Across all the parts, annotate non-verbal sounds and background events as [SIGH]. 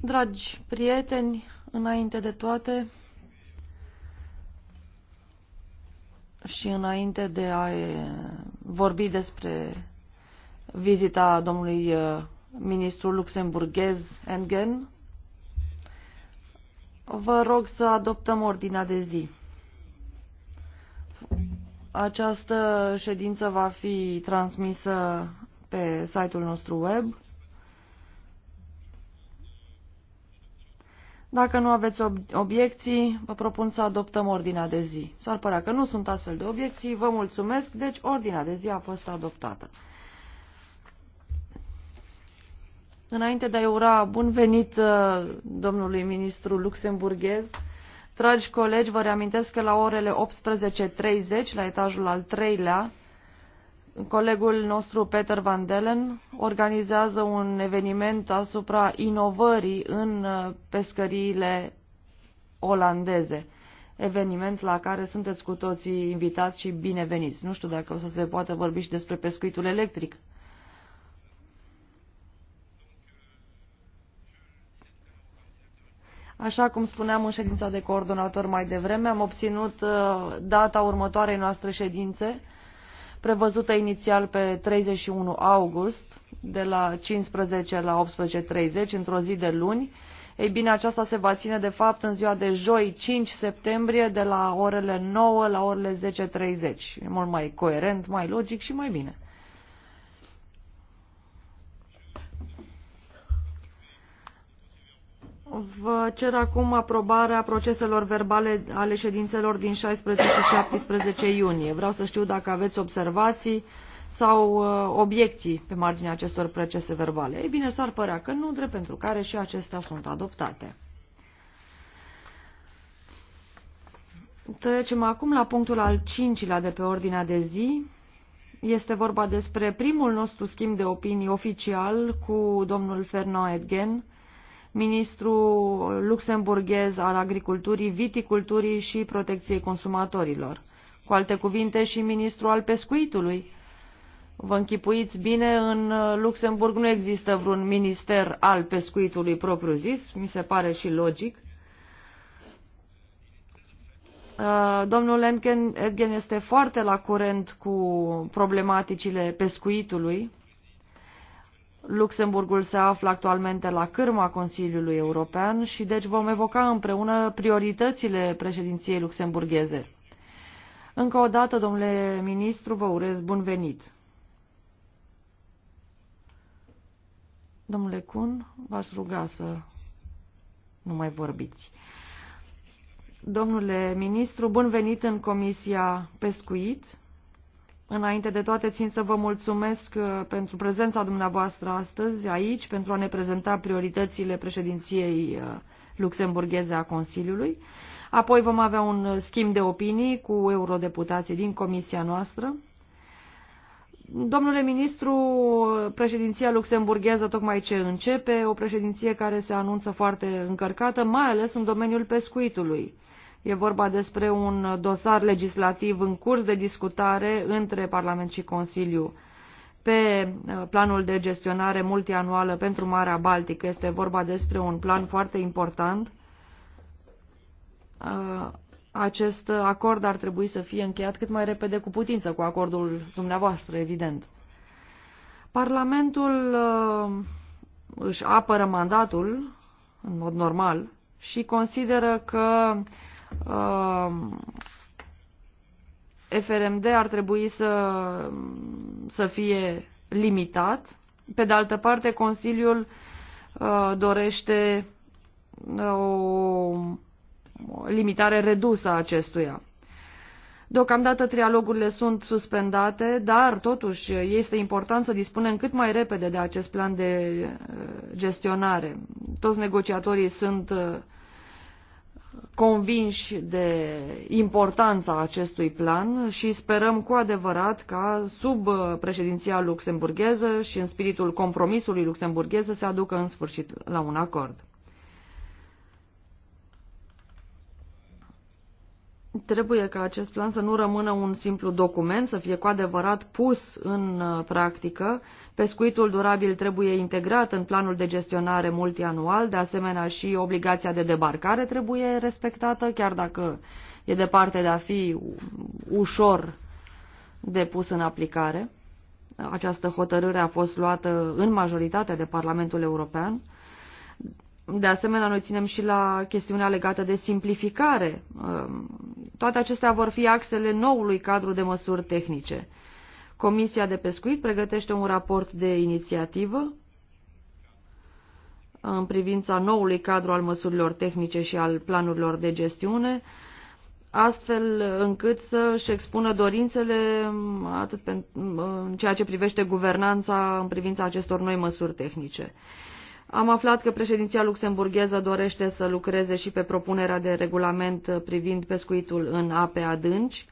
Dragi prieteni, înainte de toate și înainte de a vorbi despre vizita domnului uh, ministru luxemburghez Engen, vă rog să adoptăm ordinea de zi. Această ședință va fi transmisă pe site-ul nostru web Dacă nu aveți obiecții, vă propun să adoptăm ordinea de zi. S-ar părea că nu sunt astfel de obiecții, vă mulțumesc, deci ordinea de zi a fost adoptată. Înainte de a ura bun venit uh, domnului ministru luxemburghez, dragi colegi, vă reamintesc că la orele 18.30, la etajul al treilea, Colegul nostru, Peter Van Delen, organizează un eveniment asupra inovării în uh, pescăriile olandeze. Eveniment la care sunteți cu toții invitați și bineveniți. Nu știu dacă o să se poată vorbi și despre pescuitul electric. Așa cum spuneam în ședința de coordonator mai devreme, am obținut uh, data următoarei noastre ședințe prevăzută inițial pe 31 august, de la 15 la 18.30, într-o zi de luni. Ei bine, aceasta se va ține de fapt în ziua de joi 5 septembrie de la orele 9 la orele 10.30. E mult mai coerent, mai logic și mai bine. Vă cer acum aprobarea proceselor verbale ale ședințelor din 16 și 17 iunie. Vreau să știu dacă aveți observații sau uh, obiecții pe marginea acestor procese verbale. Ei bine, s-ar părea că nu, drept pentru care și acestea sunt adoptate. Trecem acum la punctul al cincilea de pe ordinea de zi. Este vorba despre primul nostru schimb de opinii oficial cu domnul Fernand Edgen, ministru luxemburghez al agriculturii, viticulturii și protecției consumatorilor. Cu alte cuvinte, și ministru al pescuitului. Vă închipuiți bine, în Luxemburg nu există vreun minister al pescuitului propriu-zis, mi se pare și logic. Uh, domnul Edgen este foarte la curent cu problematicile pescuitului Luxemburgul se află actualmente la cârma Consiliului European și deci vom evoca împreună prioritățile președinției luxemburgheze. Încă o dată, domnule ministru, vă urez bun venit. Domnule Cun, v-aș ruga să nu mai vorbiți. Domnule ministru, bun venit în Comisia Pescuit. Înainte de toate, țin să vă mulțumesc uh, pentru prezența dumneavoastră astăzi aici, pentru a ne prezenta prioritățile președinției uh, luxemburgheze a Consiliului. Apoi vom avea un uh, schimb de opinii cu eurodeputații din comisia noastră. Domnule ministru, președinția luxemburgheză tocmai ce începe, o președinție care se anunță foarte încărcată, mai ales în domeniul pescuitului. E vorba despre un dosar legislativ în curs de discutare între Parlament și Consiliu pe uh, planul de gestionare multianuală pentru Marea Baltică. Este vorba despre un plan foarte important. Uh, acest acord ar trebui să fie încheiat cât mai repede cu putință, cu acordul dumneavoastră, evident. Parlamentul uh, își apără mandatul, în mod normal, și consideră că Um, FRMD ar trebui să, să fie limitat. Pe de altă parte, Consiliul uh, dorește uh, o limitare redusă a acestuia. Deocamdată trialogurile sunt suspendate, dar totuși este important să dispunem cât mai repede de acest plan de uh, gestionare. Toți negociatorii sunt convinși de importanța acestui plan și sperăm cu adevărat ca sub uh, președinția luxemburgheză și în spiritul compromisului luxemburghez să se aducă în sfârșit la un acord. Trebuie ca acest plan să nu rămână un simplu document, să fie cu adevărat pus în uh, practică. Pescuitul durabil trebuie integrat în planul de gestionare multianual, de asemenea și obligația de debarcare trebuie respectată, chiar dacă e departe de a fi ușor de pus în aplicare. Această hotărâre a fost luată în majoritate de Parlamentul European. De asemenea, noi ținem și la chestiunea legată de simplificare. Um, toate acestea vor fi axele noului cadru de măsuri tehnice. Comisia de pescuit pregătește un raport de inițiativă în privința noului cadru al măsurilor tehnice și al planurilor de gestiune, astfel încât să-și expună dorințele um, atât um, în ceea ce privește guvernanța în privința acestor noi măsuri tehnice. Am aflat că președinția luxemburgheză dorește să lucreze și pe propunerea de regulament privind pescuitul în ape adânci.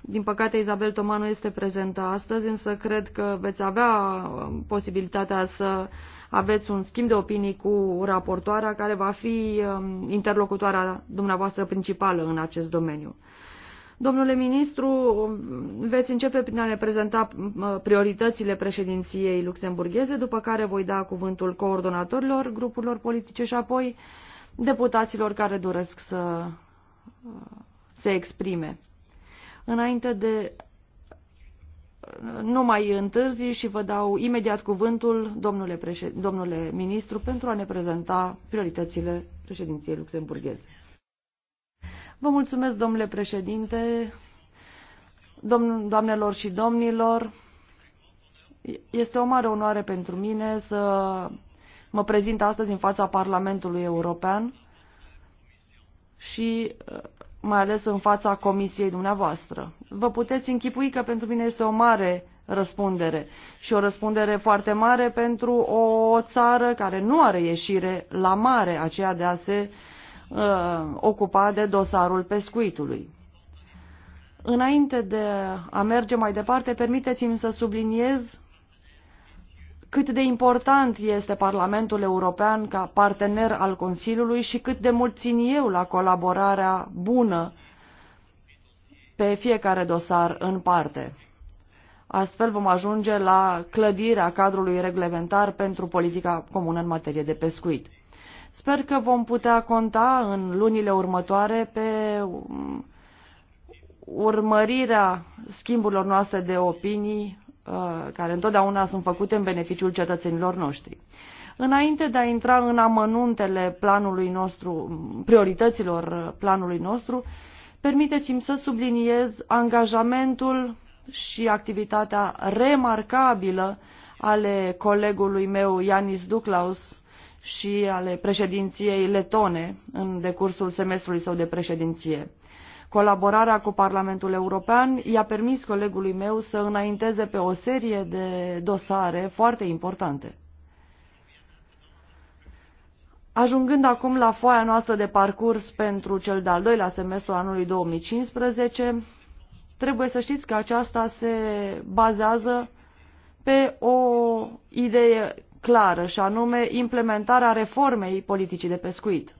Din păcate, Izabel Toma nu este prezentă astăzi, însă cred că veți avea um, posibilitatea să aveți un schimb de opinii cu raportoarea care va fi um, interlocutoarea dumneavoastră principală în acest domeniu. Domnule ministru, veți începe prin a reprezenta prioritățile președinției luxemburgheze, după care voi da cuvântul coordonatorilor grupurilor politice și apoi deputaților care doresc să se exprime. Înainte de nu mai întârzi și vă dau imediat cuvântul, domnule, președ... domnule ministru, pentru a ne prezenta prioritățile președinției luxemburgheze. Vă mulțumesc, domnule președinte, domn doamnelor și domnilor. Este o mare onoare pentru mine să mă prezint astăzi în fața Parlamentului European și uh, mai ales în fața comisiei dumneavoastră. Vă puteți închipui că pentru mine este o mare răspundere și o răspundere foarte mare pentru o țară care nu are ieșire la mare, aceea de a se uh, uh, ocupa de dosarul pescuitului. Înainte de a merge mai departe, permiteți-mi să subliniez cât de important este Parlamentul European ca partener al Consiliului și cât de mult țin eu la colaborarea bună pe fiecare dosar în parte. Astfel vom ajunge la clădirea cadrului reglementar pentru politica comună în materie de pescuit. Sper că vom putea conta în lunile următoare pe um, urmărirea schimburilor noastre de opinii uh, care întotdeauna sunt făcute în beneficiul cetățenilor noștri. Înainte de a intra în amănuntele planului nostru, priorităților planului nostru, permiteți-mi să subliniez angajamentul și activitatea remarcabilă ale colegului meu Ianis Duclaus și ale președinției letone în decursul semestrului său de președinție. Colaborarea cu Parlamentul European i-a permis colegului meu să înainteze pe o serie de dosare foarte importante. Ajungând acum la foaia noastră de parcurs pentru cel de-al doilea semestru anului 2015, trebuie să știți că aceasta se bazează pe o idee clară, și anume implementarea reformei politicii de pescuit.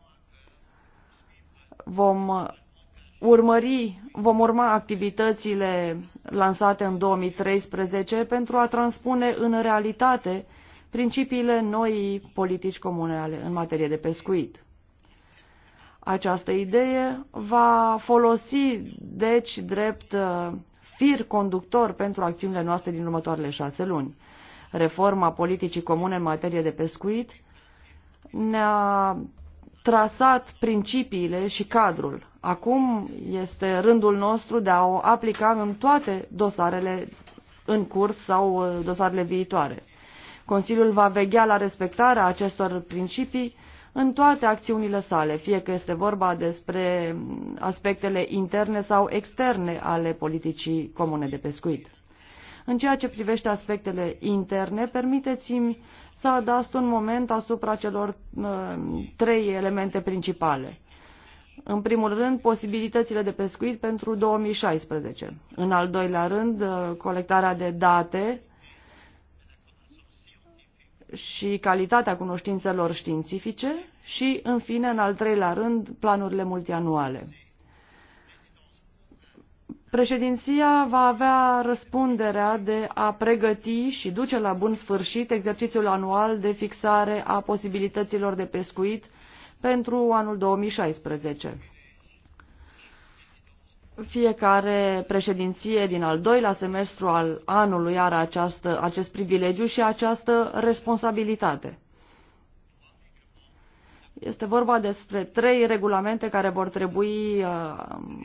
Vom uh, urmări, vom urma activitățile lansate în 2013 pentru a transpune în realitate principiile noii politici comunale în materie de pescuit. Această idee va folosi, deci, drept uh, fir conductor pentru acțiunile noastre din următoarele șase luni reforma politicii comune în materie de pescuit, ne-a trasat principiile și cadrul. Acum este rândul nostru de a o aplica în toate dosarele în curs sau uh, dosarele viitoare. Consiliul va veghea la respectarea acestor principii în toate acțiunile sale, fie că este vorba despre aspectele interne sau externe ale politicii comune de pescuit. În ceea ce privește aspectele interne, permiteți-mi să adast un moment asupra celor uh, trei elemente principale. În primul rând, posibilitățile de pescuit pentru 2016. În al doilea rând, uh, colectarea de date și calitatea cunoștințelor științifice și, în fine, în al treilea rând, planurile multianuale. Președinția va avea răspunderea de a pregăti și duce la bun sfârșit exercițiul anual de fixare a posibilităților de pescuit pentru anul 2016. Fiecare președinție din al doilea semestru al anului are această, acest privilegiu și această responsabilitate. Este vorba despre trei regulamente care vor trebui uh,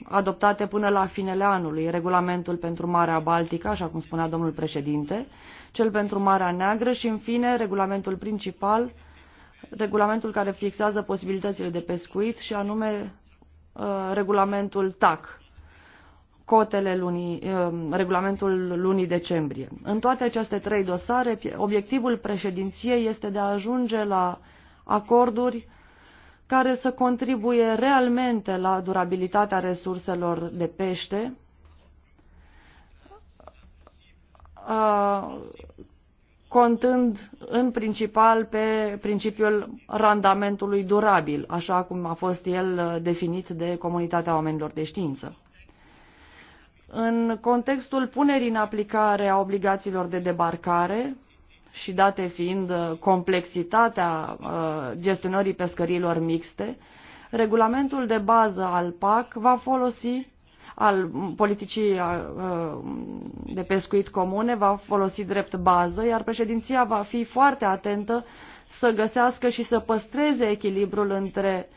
adoptate până la finele anului. Regulamentul pentru Marea Baltică, așa cum spunea domnul președinte, cel pentru Marea Neagră și, în fine, regulamentul principal, regulamentul care fixează posibilitățile de pescuit și anume uh, regulamentul TAC, cotele lunii, uh, regulamentul lunii decembrie. În toate aceste trei dosare, obiectivul președinției este de a ajunge la acorduri care să contribuie realmente la durabilitatea resurselor de pește, contând în principal pe principiul randamentului durabil, așa cum a fost el uh, definit de comunitatea oamenilor de știință. În contextul punerii în aplicare a obligațiilor de debarcare, și date fiind uh, complexitatea uh, gestionării pescărilor mixte, regulamentul de bază al PAC va folosi al politicii uh, de pescuit comune va folosi drept bază, iar președinția va fi foarte atentă să găsească și să păstreze echilibrul între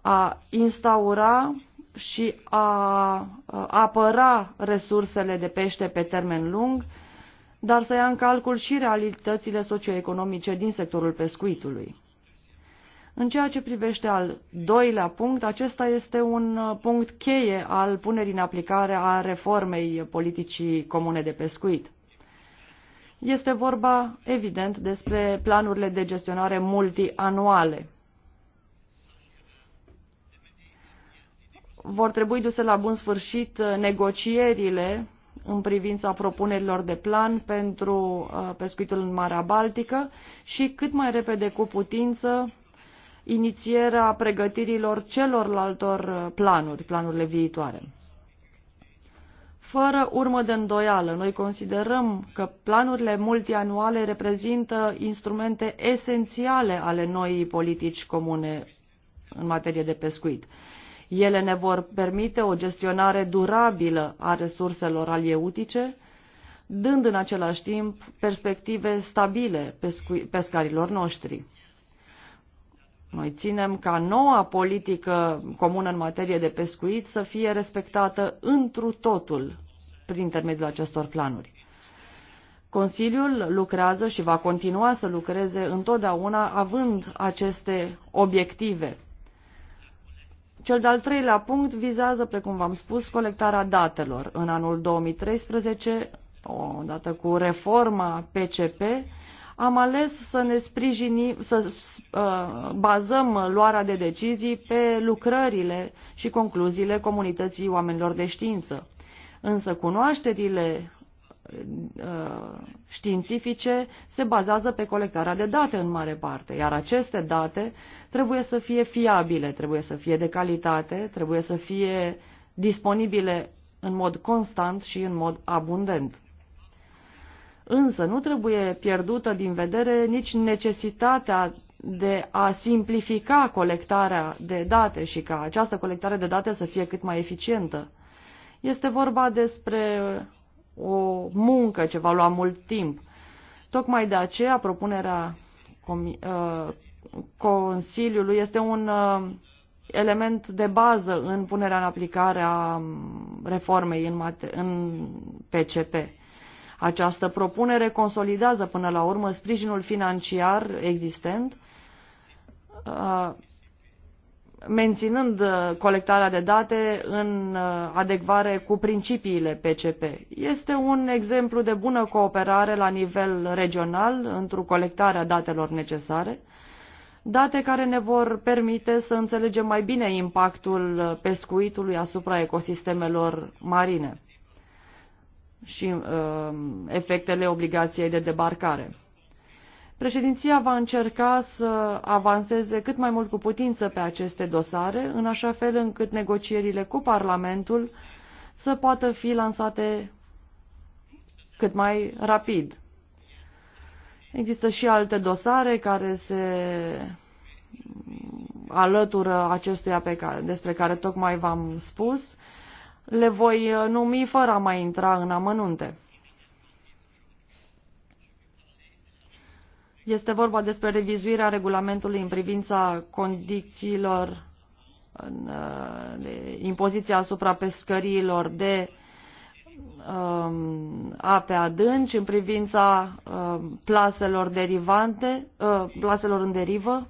a instaura și a apăra resursele de pește pe termen lung, dar să ia în calcul și realitățile socioeconomice din sectorul pescuitului. În ceea ce privește al doilea punct, acesta este un uh, punct cheie al punerii în aplicare a reformei politicii comune de pescuit. Este vorba, evident, despre planurile de gestionare multianuale. Vor trebui duse la bun sfârșit uh, negocierile în privința propunerilor de plan pentru uh, pescuitul în Marea Baltică și cât mai repede cu putință inițierea pregătirilor celorlaltor uh, planuri, planurile viitoare. Fără urmă de îndoială, noi considerăm că planurile multianuale reprezintă instrumente esențiale ale noii politici comune în materie de pescuit. Ele ne vor permite o gestionare durabilă a resurselor alieutice, dând în același timp perspective stabile pescarilor noștri. Noi ținem ca noua politică comună în materie de pescuit să fie respectată întru totul prin intermediul acestor planuri. Consiliul lucrează și va continua să lucreze întotdeauna având aceste obiective cel de-al treilea punct vizează, precum v-am spus, colectarea datelor. În anul 2013, odată cu reforma PCP, am ales să ne sprijini, să uh, bazăm luarea de decizii pe lucrările și concluziile comunității oamenilor de știință. Însă cunoașterile Uh, științifice se bazează pe colectarea de date în mare parte, iar aceste date trebuie să fie fiabile, trebuie să fie de calitate, trebuie să fie disponibile în mod constant și în mod abundent. Însă nu trebuie pierdută din vedere nici necesitatea de a simplifica colectarea de date și ca această colectare de date să fie cât mai eficientă. Este vorba despre o muncă ce va lua mult timp. Tocmai de aceea propunerea uh, Consiliului este un uh, element de bază în punerea în aplicare a um, reformei în, în PCP. Această propunere consolidează până la urmă sprijinul financiar existent uh, menținând uh, colectarea de date în uh, adecvare cu principiile PCP. Este un exemplu de bună cooperare la nivel regional într-o colectare a datelor necesare, date care ne vor permite să înțelegem mai bine impactul uh, pescuitului asupra ecosistemelor marine și uh, efectele obligației de debarcare. Președinția va încerca să avanseze cât mai mult cu putință pe aceste dosare, în așa fel încât negocierile cu Parlamentul să poată fi lansate cât mai rapid. Există și alte dosare care se alătură acestuia pe care, despre care tocmai v-am spus. Le voi numi fără a mai intra în amănunte. Este vorba despre revizuirea regulamentului în privința condițiilor uh, de impoziția asupra pescăriilor de um, ape adânci, în privința um, plaselor derivante, uh, plaselor în derivă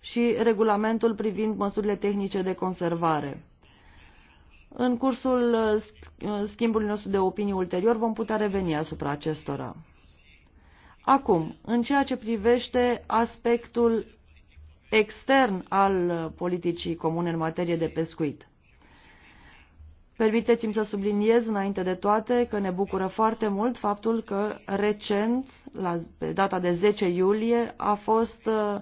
și regulamentul privind măsurile tehnice de conservare. În cursul uh, schimbului nostru de opinii ulterior vom putea reveni asupra acestora. Acum, în ceea ce privește aspectul extern al politicii comune în materie de pescuit. Permiteți-mi să subliniez înainte de toate că ne bucură foarte mult faptul că recent, la, pe data de 10 iulie, a fost uh,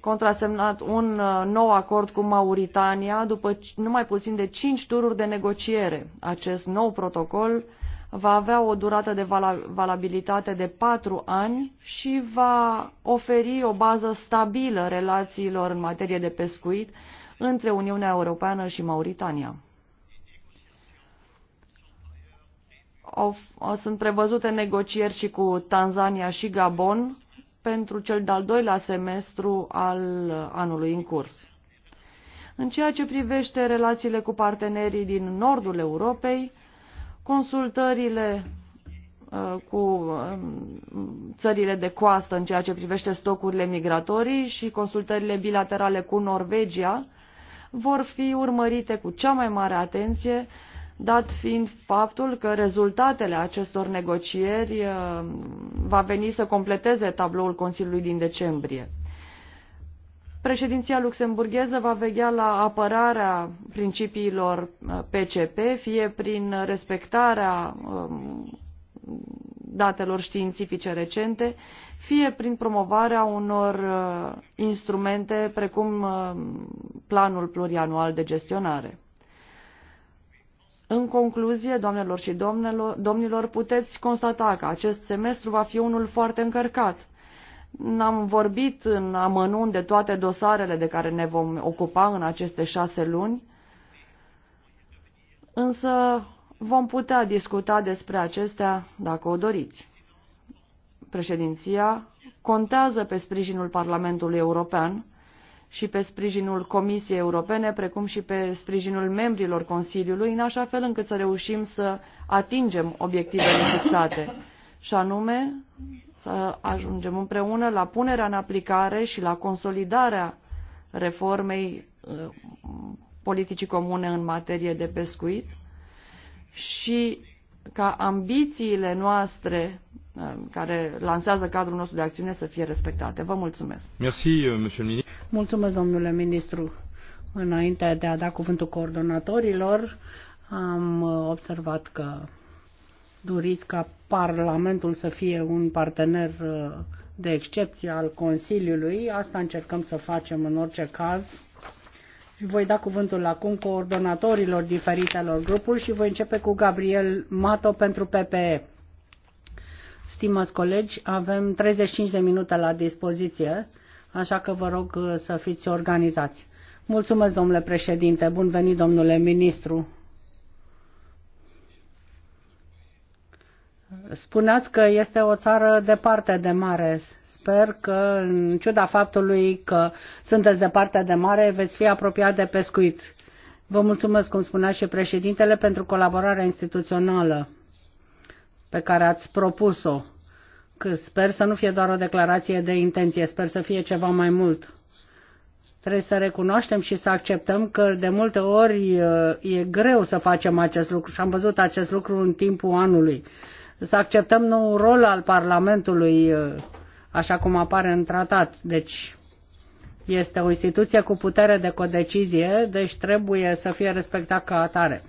contrasemnat un uh, nou acord cu Mauritania după numai puțin de 5 tururi de negociere. Acest nou protocol uh, va avea o durată de valabilitate de patru ani și va oferi o bază stabilă relațiilor în materie de pescuit între Uniunea Europeană și Mauritania. Sunt prevăzute negocieri și cu Tanzania și Gabon pentru cel de-al doilea semestru al anului în curs. În ceea ce privește relațiile cu partenerii din nordul Europei, Consultările uh, cu um, țările de coastă în ceea ce privește stocurile migratorii și consultările bilaterale cu Norvegia vor fi urmărite cu cea mai mare atenție, dat fiind faptul că rezultatele acestor negocieri uh, va veni să completeze tabloul Consiliului din decembrie. Președinția luxemburgheză va veghea la apărarea principiilor PCP, uh, fie prin respectarea um, datelor științifice recente, fie prin promovarea unor uh, instrumente precum uh, planul plurianual de gestionare. În concluzie, doamnelor și domnilor, puteți constata că acest semestru va fi unul foarte încărcat, N-am vorbit în amănunt de toate dosarele de care ne vom ocupa în aceste șase luni, însă vom putea discuta despre acestea dacă o doriți. Președinția contează pe sprijinul Parlamentului European și pe sprijinul Comisiei Europene, precum și pe sprijinul membrilor Consiliului, în așa fel încât să reușim să atingem obiectivele fixate, și anume să ajungem împreună la punerea în aplicare și la consolidarea reformei uh, politicii comune în materie de pescuit și ca ambițiile noastre uh, care lansează cadrul nostru de acțiune să fie respectate. Vă mulțumesc. Merci, uh, monsieur Mulțumesc, domnule ministru. Înainte de a da cuvântul coordonatorilor, am observat că doriți ca Parlamentul să fie un partener uh, de excepție al Consiliului. Asta încercăm să facem în orice caz. Voi da cuvântul acum coordonatorilor diferitelor grupuri și voi începe cu Gabriel Mato pentru PPE. Stimați colegi, avem 35 de minute la dispoziție, așa că vă rog uh, să fiți organizați. Mulțumesc, domnule președinte. Bun venit, domnule ministru. Spuneați că este o țară departe de mare. Sper că, în ciuda faptului că sunteți departe de mare, veți fi apropiat de pescuit. Vă mulțumesc, cum spunea și președintele, pentru colaborarea instituțională pe care ați propus-o. Sper să nu fie doar o declarație de intenție, sper să fie ceva mai mult. Trebuie să recunoaștem și să acceptăm că de multe ori e greu să facem acest lucru și am văzut acest lucru în timpul anului să acceptăm nou rol al Parlamentului, uh, așa cum apare în tratat. Deci este o instituție cu putere de codecizie, deci trebuie să fie respectat ca atare.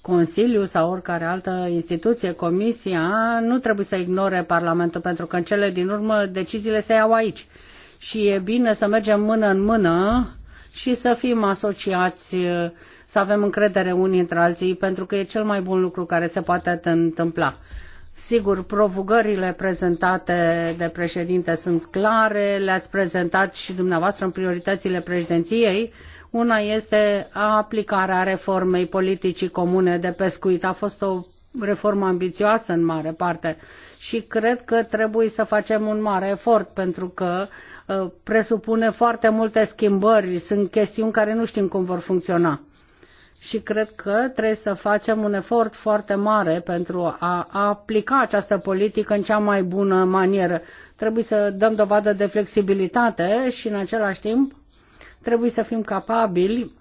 Consiliul sau oricare altă instituție, Comisia, nu trebuie să ignore Parlamentul, pentru că în cele din urmă deciziile se iau aici. Și e bine să mergem mână în mână și să fim asociați uh, să avem încredere unii între alții, pentru că e cel mai bun lucru care se poate întâmpla. Sigur, provocările prezentate de președinte sunt clare, le-ați prezentat și dumneavoastră în prioritățile președinției. Una este aplicarea reformei politicii comune de pescuit. A fost o reformă ambițioasă în mare parte și cred că trebuie să facem un mare efort pentru că uh, presupune foarte multe schimbări, sunt chestiuni care nu știm cum vor funcționa și cred că trebuie să facem un efort foarte mare pentru a aplica această politică în cea mai bună manieră. Trebuie să dăm dovadă de flexibilitate și în același timp trebuie să fim capabili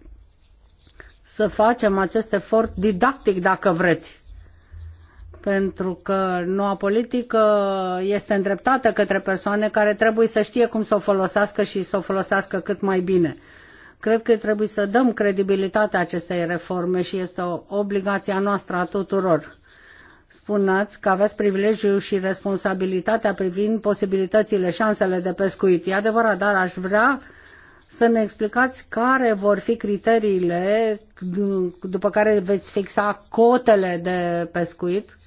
să facem acest efort didactic dacă vreți. Pentru că noua politică este îndreptată către persoane care trebuie să știe cum să o folosească și să o folosească cât mai bine Cred că trebuie să dăm credibilitatea acestei reforme și este o obligație a noastră a tuturor. Spuneți că aveți privilegiul și responsabilitatea privind posibilitățile, șansele de pescuit. E adevărat, dar aș vrea să ne explicați care vor fi criteriile după care veți fixa cotele de pescuit,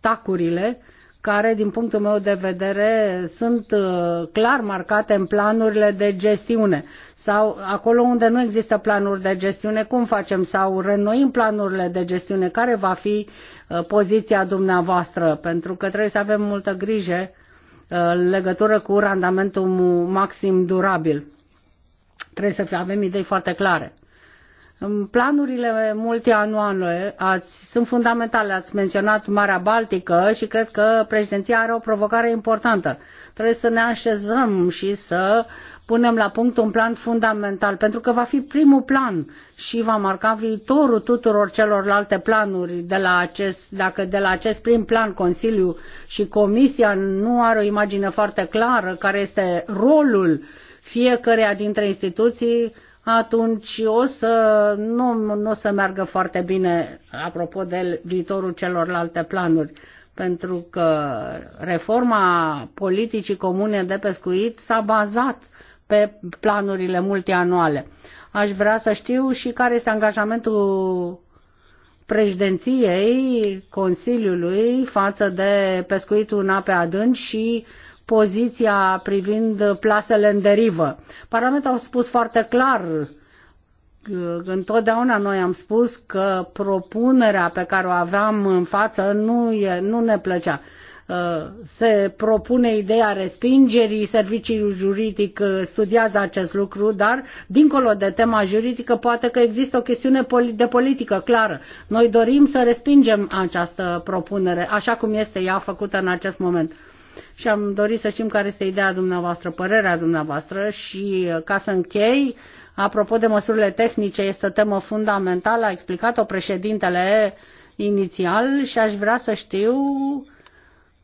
tacurile, care, din punctul meu de vedere, sunt uh, clar marcate în planurile de gestiune. Sau acolo unde nu există planuri de gestiune, cum facem? Sau renoim planurile de gestiune? Care va fi uh, poziția dumneavoastră? Pentru că trebuie să avem multă grijă uh, în legătură cu randamentul maxim durabil. Trebuie să avem idei foarte clare. Planurile multianuale ați, sunt fundamentale, ați menționat Marea Baltică și cred că președinția are o provocare importantă. Trebuie să ne așezăm și să punem la punct un plan fundamental, pentru că va fi primul plan și va marca viitorul tuturor celorlalte planuri de la acest, dacă de la acest prim plan Consiliu și Comisia nu are o imagine foarte clară care este rolul fiecăreia dintre instituții, atunci o să nu, nu o să meargă foarte bine apropo de viitorul celorlalte planuri pentru că reforma politicii comune de pescuit s-a bazat pe planurile multianuale. Aș vrea să știu și care este angajamentul președinției Consiliului față de pescuitul în ape adânci și poziția privind plasele în derivă. Parlamentul a spus foarte clar uh, întotdeauna noi am spus că propunerea pe care o aveam în față nu, e, nu ne plăcea. Uh, se propune ideea respingerii, serviciul juridic uh, studiază acest lucru, dar dincolo de tema juridică poate că există o chestiune de politică clară. Noi dorim să respingem această propunere așa cum este ea făcută în acest moment și am dorit să știm care este ideea dumneavoastră, părerea dumneavoastră și uh, ca să închei, apropo de măsurile tehnice, este o temă fundamentală, a explicat-o președintele inițial și aș vrea să știu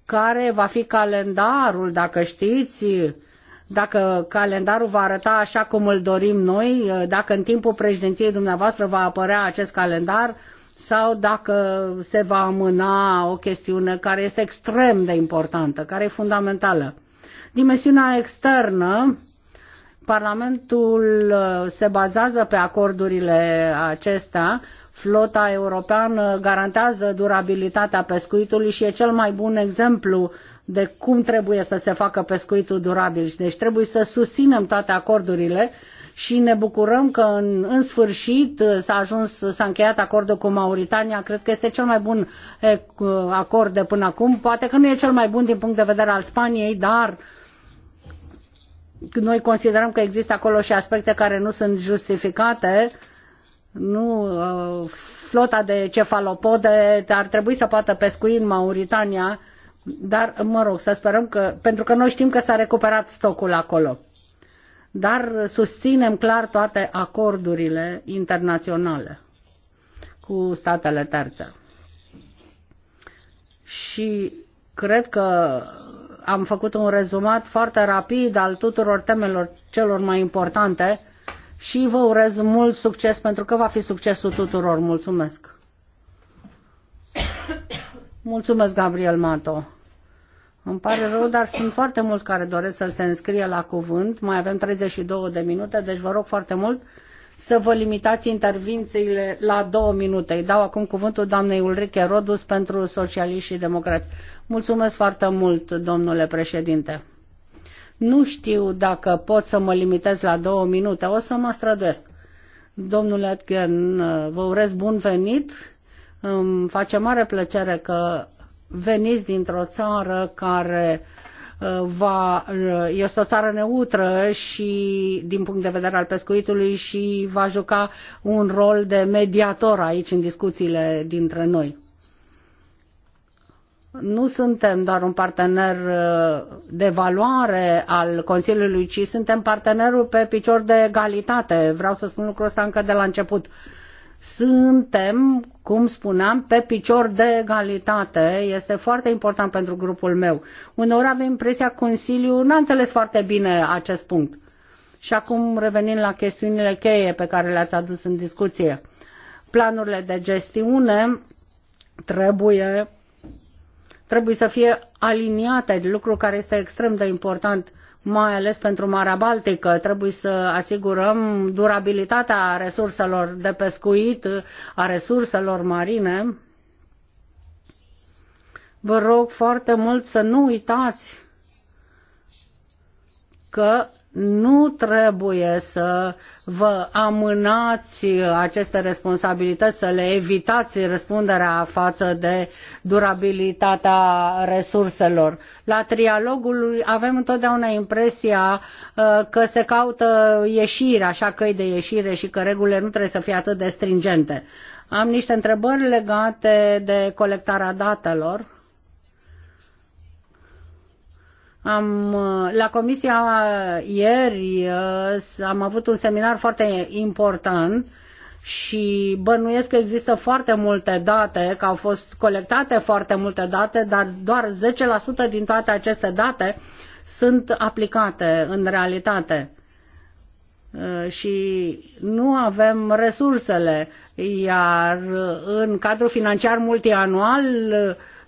care va fi calendarul, dacă știți, dacă calendarul va arăta așa cum îl dorim noi, uh, dacă în timpul președinției dumneavoastră va apărea acest calendar, sau dacă se va amâna o chestiune care este extrem de importantă, care e fundamentală. Dimensiunea externă, Parlamentul uh, se bazează pe acordurile acestea, flota europeană garantează durabilitatea pescuitului și e cel mai bun exemplu de cum trebuie să se facă pescuitul durabil. Deci trebuie să susținem toate acordurile și ne bucurăm că în, în sfârșit uh, s-a ajuns, s-a încheiat acordul cu Mauritania. Cred că este cel mai bun acord de până acum. Poate că nu e cel mai bun din punct de vedere al Spaniei, dar noi considerăm că există acolo și aspecte care nu sunt justificate. Nu, uh, flota de cefalopode ar trebui să poată pescui în Mauritania, dar mă rog, să sperăm că, pentru că noi știm că s-a recuperat stocul acolo dar susținem clar toate acordurile internaționale cu statele terțe. Și cred că am făcut un rezumat foarte rapid al tuturor temelor celor mai importante și vă urez mult succes pentru că va fi succesul tuturor. Mulțumesc! [COUGHS] Mulțumesc, Gabriel Mato! Îmi pare rău, dar sunt foarte mulți care doresc să se înscrie la cuvânt. Mai avem 32 de minute, deci vă rog foarte mult să vă limitați intervințiile la două minute. Îi dau acum cuvântul doamnei Ulrike Rodus pentru socialiști și democrați. Mulțumesc foarte mult, domnule președinte. Nu știu dacă pot să mă limitez la două minute, o să mă străduiesc. Domnule Atgen, vă urez bun venit. Îmi face mare plăcere că veniți dintr-o țară care uh, va, uh, este o țară neutră și din punct de vedere al pescuitului și va juca un rol de mediator aici în discuțiile dintre noi. Nu suntem doar un partener uh, de valoare al Consiliului, ci suntem partenerul pe picior de egalitate. Vreau să spun lucrul ăsta încă de la început. Uh, suntem, cum spuneam, pe picior de egalitate. Este foarte important pentru grupul meu. Uneori avem impresia că Consiliul n-a înțeles foarte bine acest punct. Și acum revenind la chestiunile cheie pe care le-ați adus în discuție. Planurile de gestiune trebuie, trebuie să fie aliniate, lucru care este extrem de important mai ales pentru Marea Baltică. Trebuie să asigurăm durabilitatea resurselor de pescuit, a resurselor marine. Vă rog foarte mult să nu uitați că nu trebuie să vă amânați aceste responsabilități, să le evitați răspunderea față de durabilitatea resurselor. La trialogul avem întotdeauna impresia uh, că se caută ieșire, așa căi de ieșire și că regulile nu trebuie să fie atât de stringente. Am niște întrebări legate de colectarea datelor Am, la comisia ieri uh, am avut un seminar foarte important și bănuiesc că există foarte multe date, că au fost colectate foarte multe date, dar doar 10% din toate aceste date sunt aplicate în realitate uh, și nu avem resursele, iar în cadrul financiar multianual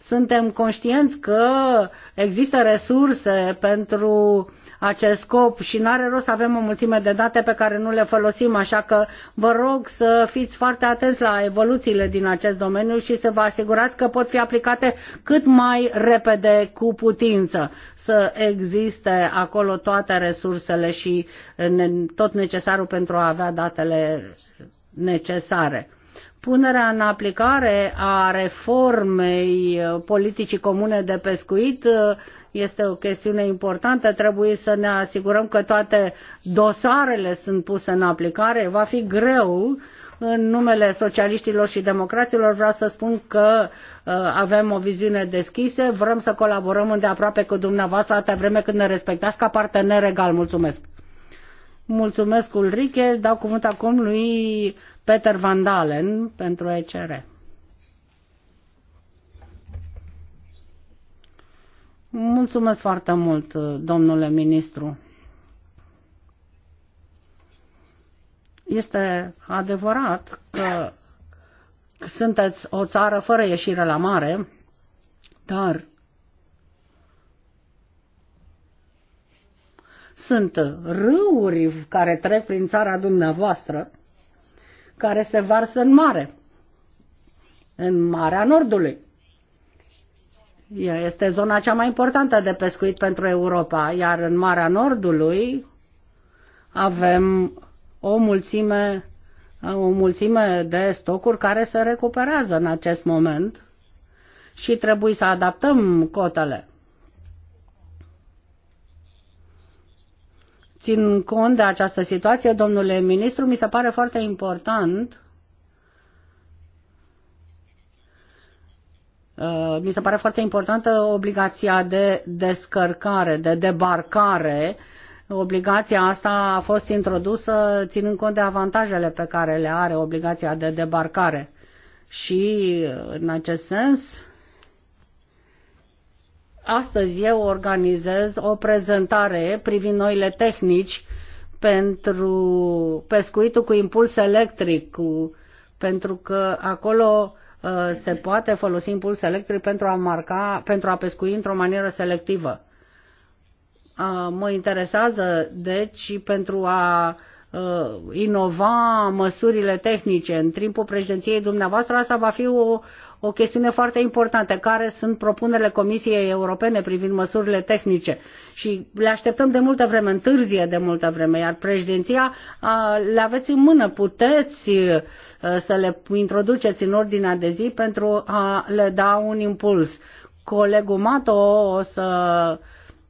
suntem conștienți că există resurse pentru acest scop și nu are rost să avem o mulțime de date pe care nu le folosim, așa că vă rog să fiți foarte atenți la evoluțiile din acest domeniu și să vă asigurați că pot fi aplicate cât mai repede cu putință, să existe acolo toate resursele și tot necesarul pentru a avea datele necesare. Punerea în aplicare a reformei uh, politicii comune de pescuit uh, este o chestiune importantă. Trebuie să ne asigurăm că toate dosarele sunt puse în aplicare. Va fi greu. În numele socialiștilor și democraților vreau să spun că uh, avem o viziune deschisă, vrem să colaborăm îndeaproape cu dumneavoastră atâta vreme când ne respectați ca partener egal. Mulțumesc! Mulțumesc, Ulrike. Dau cuvânt acum lui Peter Van Dalen pentru ECR. Mulțumesc foarte mult, domnule ministru. Este adevărat că sunteți o țară fără ieșire la mare, dar sunt râuri care trec prin țara dumneavoastră care se varsă în mare, în Marea Nordului. Este zona cea mai importantă de pescuit pentru Europa, iar în Marea Nordului avem o mulțime, o mulțime de stocuri care se recuperează în acest moment și trebuie să adaptăm cotele. țin cont de această situație, domnule ministru. Mi se pare foarte important uh, mi se pare foarte importantă obligația de descărcare, de debarcare. Obligația asta a fost introdusă ținând cont de avantajele pe care le are obligația de debarcare. Și în acest sens, Astăzi eu organizez o prezentare privind noile tehnici pentru pescuitul cu impuls electric, cu, pentru că acolo uh, se poate folosi impuls electric pentru a marca, pentru a pescui într-o manieră selectivă. Uh, mă interesează, deci, pentru a uh, inova măsurile tehnice. În timpul președinției dumneavoastră asta va fi o o chestiune foarte importantă, care sunt propunerile Comisiei Europene privind măsurile tehnice. Și le așteptăm de multă vreme, întârzie de multă vreme, iar președinția le aveți în mână, puteți să le introduceți în ordinea de zi pentru a le da un impuls. Colegul Mato o să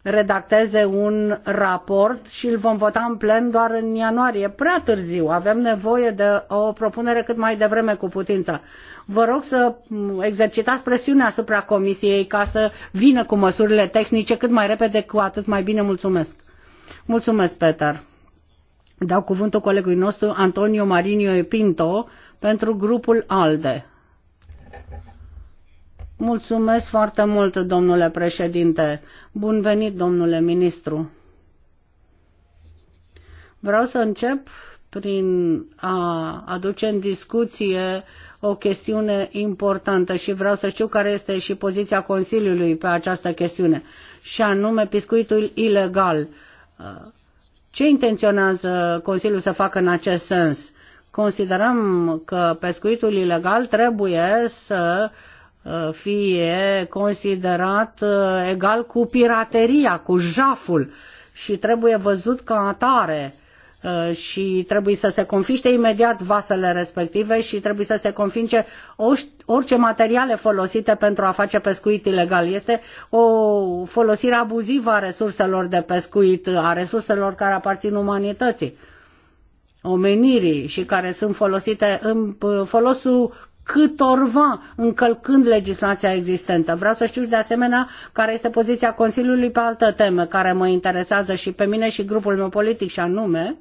redacteze un raport și îl vom vota în plen doar în ianuarie. Prea târziu, avem nevoie de o propunere cât mai devreme cu putință. Vă rog să exercitați presiunea asupra Comisiei ca să vină cu măsurile tehnice cât mai repede, cu atât mai bine. Mulțumesc! Mulțumesc, Peter! Dau cuvântul colegului nostru, Antonio Marinio Pinto, pentru grupul ALDE. Mulțumesc foarte mult, domnule președinte. Bun venit, domnule ministru. Vreau să încep prin a aduce în discuție o chestiune importantă și vreau să știu care este și poziția Consiliului pe această chestiune, și anume pescuitul ilegal. Ce intenționează Consiliul să facă în acest sens? Considerăm că pescuitul ilegal trebuie să uh, fie considerat uh, egal cu pirateria, cu jaful și trebuie văzut ca atare Uh, și trebuie să se confiște imediat vasele respective și trebuie să se confince orice materiale folosite pentru a face pescuit ilegal. Este o folosire abuzivă a resurselor de pescuit, a resurselor care aparțin umanității omenirii și care sunt folosite în uh, folosul câtorva încălcând legislația existentă. Vreau să știu de asemenea care este poziția Consiliului pe altă temă care mă interesează și pe mine și grupul meu politic și anume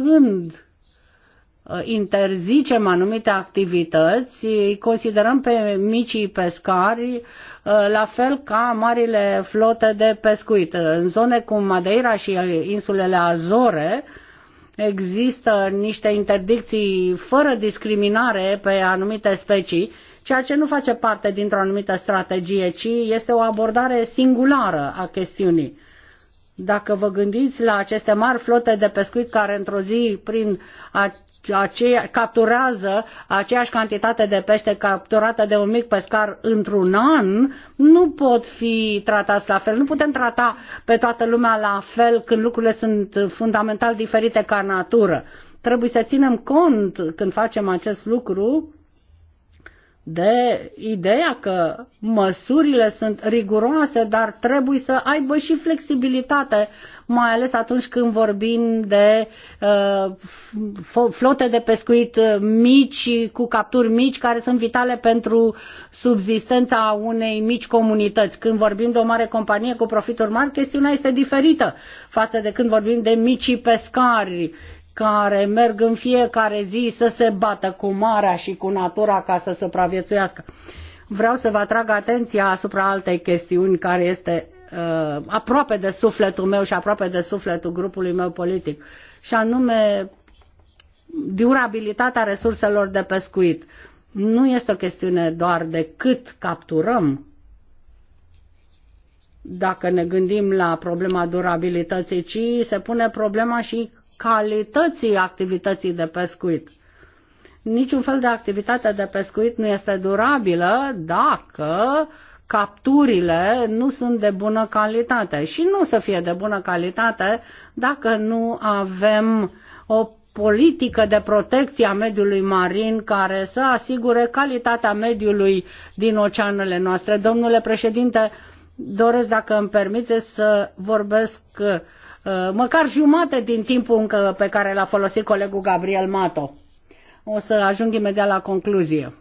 când uh, interzicem anumite activități, îi considerăm pe micii pescari uh, la fel ca marile flote de pescuit. În zone cum Madeira și insulele Azore există niște interdicții fără discriminare pe anumite specii, ceea ce nu face parte dintr-o anumită strategie, ci este o abordare singulară a chestiunii dacă vă gândiți la aceste mari flote de pescuit care într-o zi prin aceea, capturează aceeași cantitate de pește capturată de un mic pescar într-un an, nu pot fi tratați la fel. Nu putem trata pe toată lumea la fel când lucrurile sunt fundamental diferite ca natură. Trebuie să ținem cont când facem acest lucru de ideea că măsurile sunt riguroase, dar trebuie să aibă și flexibilitate, mai ales atunci când vorbim de uh, flote de pescuit mici, cu capturi mici, care sunt vitale pentru subzistența unei mici comunități. Când vorbim de o mare companie cu profituri mari, chestiunea este diferită față de când vorbim de micii pescari. Uh, care merg în fiecare zi să se bată cu marea și cu natura ca să supraviețuiască. Vreau să vă atrag atenția asupra altei chestiuni care este uh, aproape de sufletul meu și aproape de sufletul grupului meu politic, și anume durabilitatea resurselor de pescuit. Nu este o chestiune doar de cât capturăm dacă ne gândim la problema durabilității, ci se pune problema și calității activității de pescuit. Niciun fel de activitate de pescuit nu este durabilă dacă capturile nu sunt de bună calitate și nu să fie de bună calitate dacă nu avem o politică de protecție a mediului marin care să asigure calitatea mediului din oceanele noastre. Domnule președinte, doresc, dacă îmi permiteți, să vorbesc Uh, măcar jumate din timpul încă pe care l-a folosit colegul Gabriel Mato. O să ajung imediat la concluzie.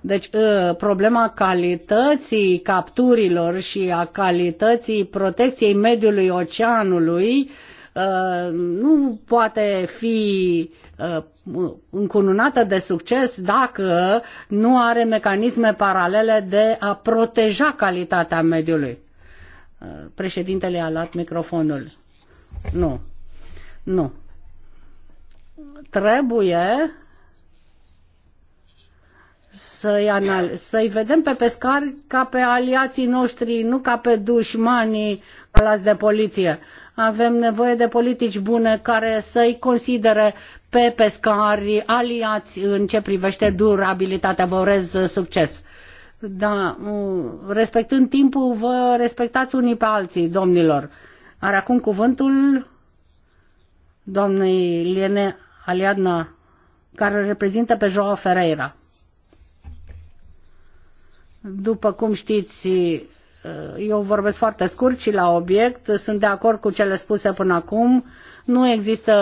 Deci uh, problema calității capturilor și a calității protecției mediului oceanului uh, nu poate fi încununată de succes dacă nu are mecanisme paralele de a proteja calitatea mediului. Președintele a luat microfonul. Nu. Nu. Trebuie să-i, anal- să-i vedem pe pescari ca pe aliații noștri, nu ca pe dușmanii alați de poliție. Avem nevoie de politici bune care să-i considere pe pescari aliați în ce privește durabilitatea. Vă urez succes! Da, respectând timpul, vă respectați unii pe alții, domnilor. Are acum cuvântul doamnei Liene Aliadna, care reprezintă pe Joao Ferreira. După cum știți, eu vorbesc foarte scurt și la obiect. Sunt de acord cu cele spuse până acum nu există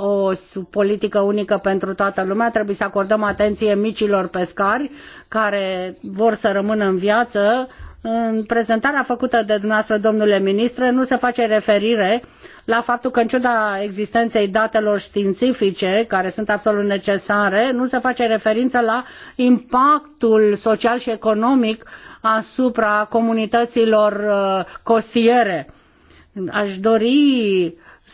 o politică unică pentru toată lumea, trebuie să acordăm atenție micilor pescari care vor să rămână în viață. În prezentarea făcută de dumneavoastră, domnule ministru, nu se face referire la faptul că, în ciuda existenței datelor științifice, care sunt absolut necesare, nu se face referință la impactul social și economic asupra comunităților uh, costiere. Aș dori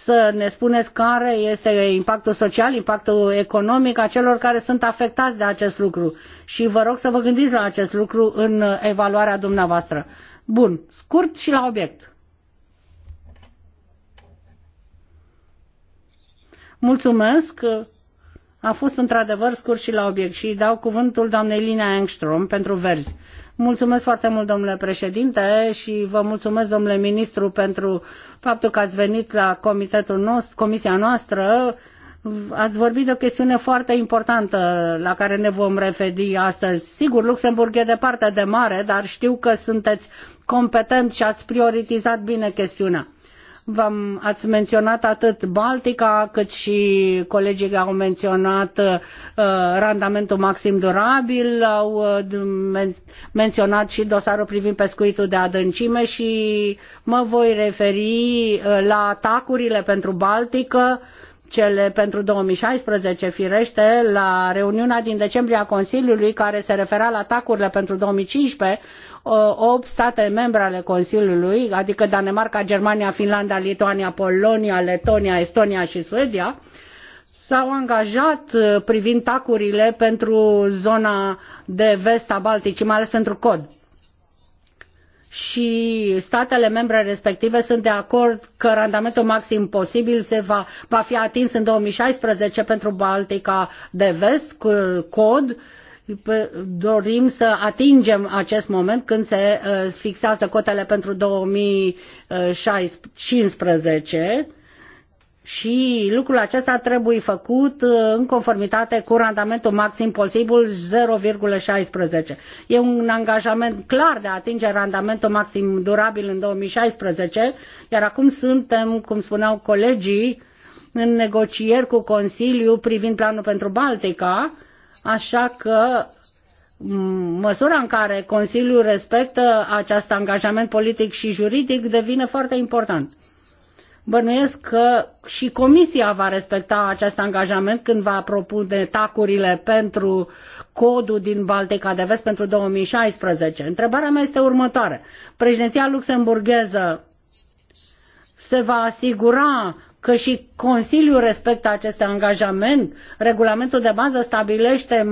să ne spuneți care este impactul social, impactul economic a celor care sunt afectați de acest lucru. Și vă rog să vă gândiți la acest lucru în evaluarea dumneavoastră. Bun, scurt și la obiect. Mulțumesc. A fost într-adevăr scurt și la obiect și dau cuvântul doamnei Lina Engstrom pentru verzi. Mulțumesc foarte mult, domnule președinte, și vă mulțumesc, domnule ministru, pentru faptul că ați venit la comitetul nostru, comisia noastră. Ați vorbit de o chestiune foarte importantă la care ne vom referi astăzi. Sigur, Luxemburg e departe de mare, dar știu că sunteți competent și ați prioritizat bine chestiunea V-am, ați menționat atât Baltica, cât și colegii au menționat uh, randamentul maxim durabil, au uh, men- menționat și dosarul privind pescuitul de adâncime și mă voi referi uh, la atacurile pentru Baltică, cele pentru 2016, firește, la reuniunea din decembrie a Consiliului, care se refera la atacurile pentru 2015, Uh, opt state membre ale Consiliului, adică Danemarca, Germania, Finlanda, Lituania, Polonia, Letonia, Estonia și Suedia, s-au angajat uh, privind tacurile pentru zona de vest a Balticii, mai ales pentru cod și statele membre respective sunt de acord că randamentul maxim posibil se va, va fi atins în 2016 pentru Baltica de Vest, cu cod, dorim să atingem acest moment când se uh, fixează cotele pentru 2015 și lucrul acesta trebuie făcut uh, în conformitate cu randamentul maxim posibil 0,16. E un angajament clar de a atinge randamentul maxim durabil în 2016, iar acum suntem, cum spuneau colegii, în negocieri cu Consiliu privind planul pentru Baltica, Așa că măsura în care Consiliul respectă acest angajament politic și juridic devine foarte important. Bănuiesc că și Comisia va respecta acest angajament când va propune tacurile pentru codul din Baltica de Vest pentru 2016. Întrebarea mea este următoare. Președinția luxemburgheză se va asigura că și Consiliul respectă acest angajament. Regulamentul de bază stabilește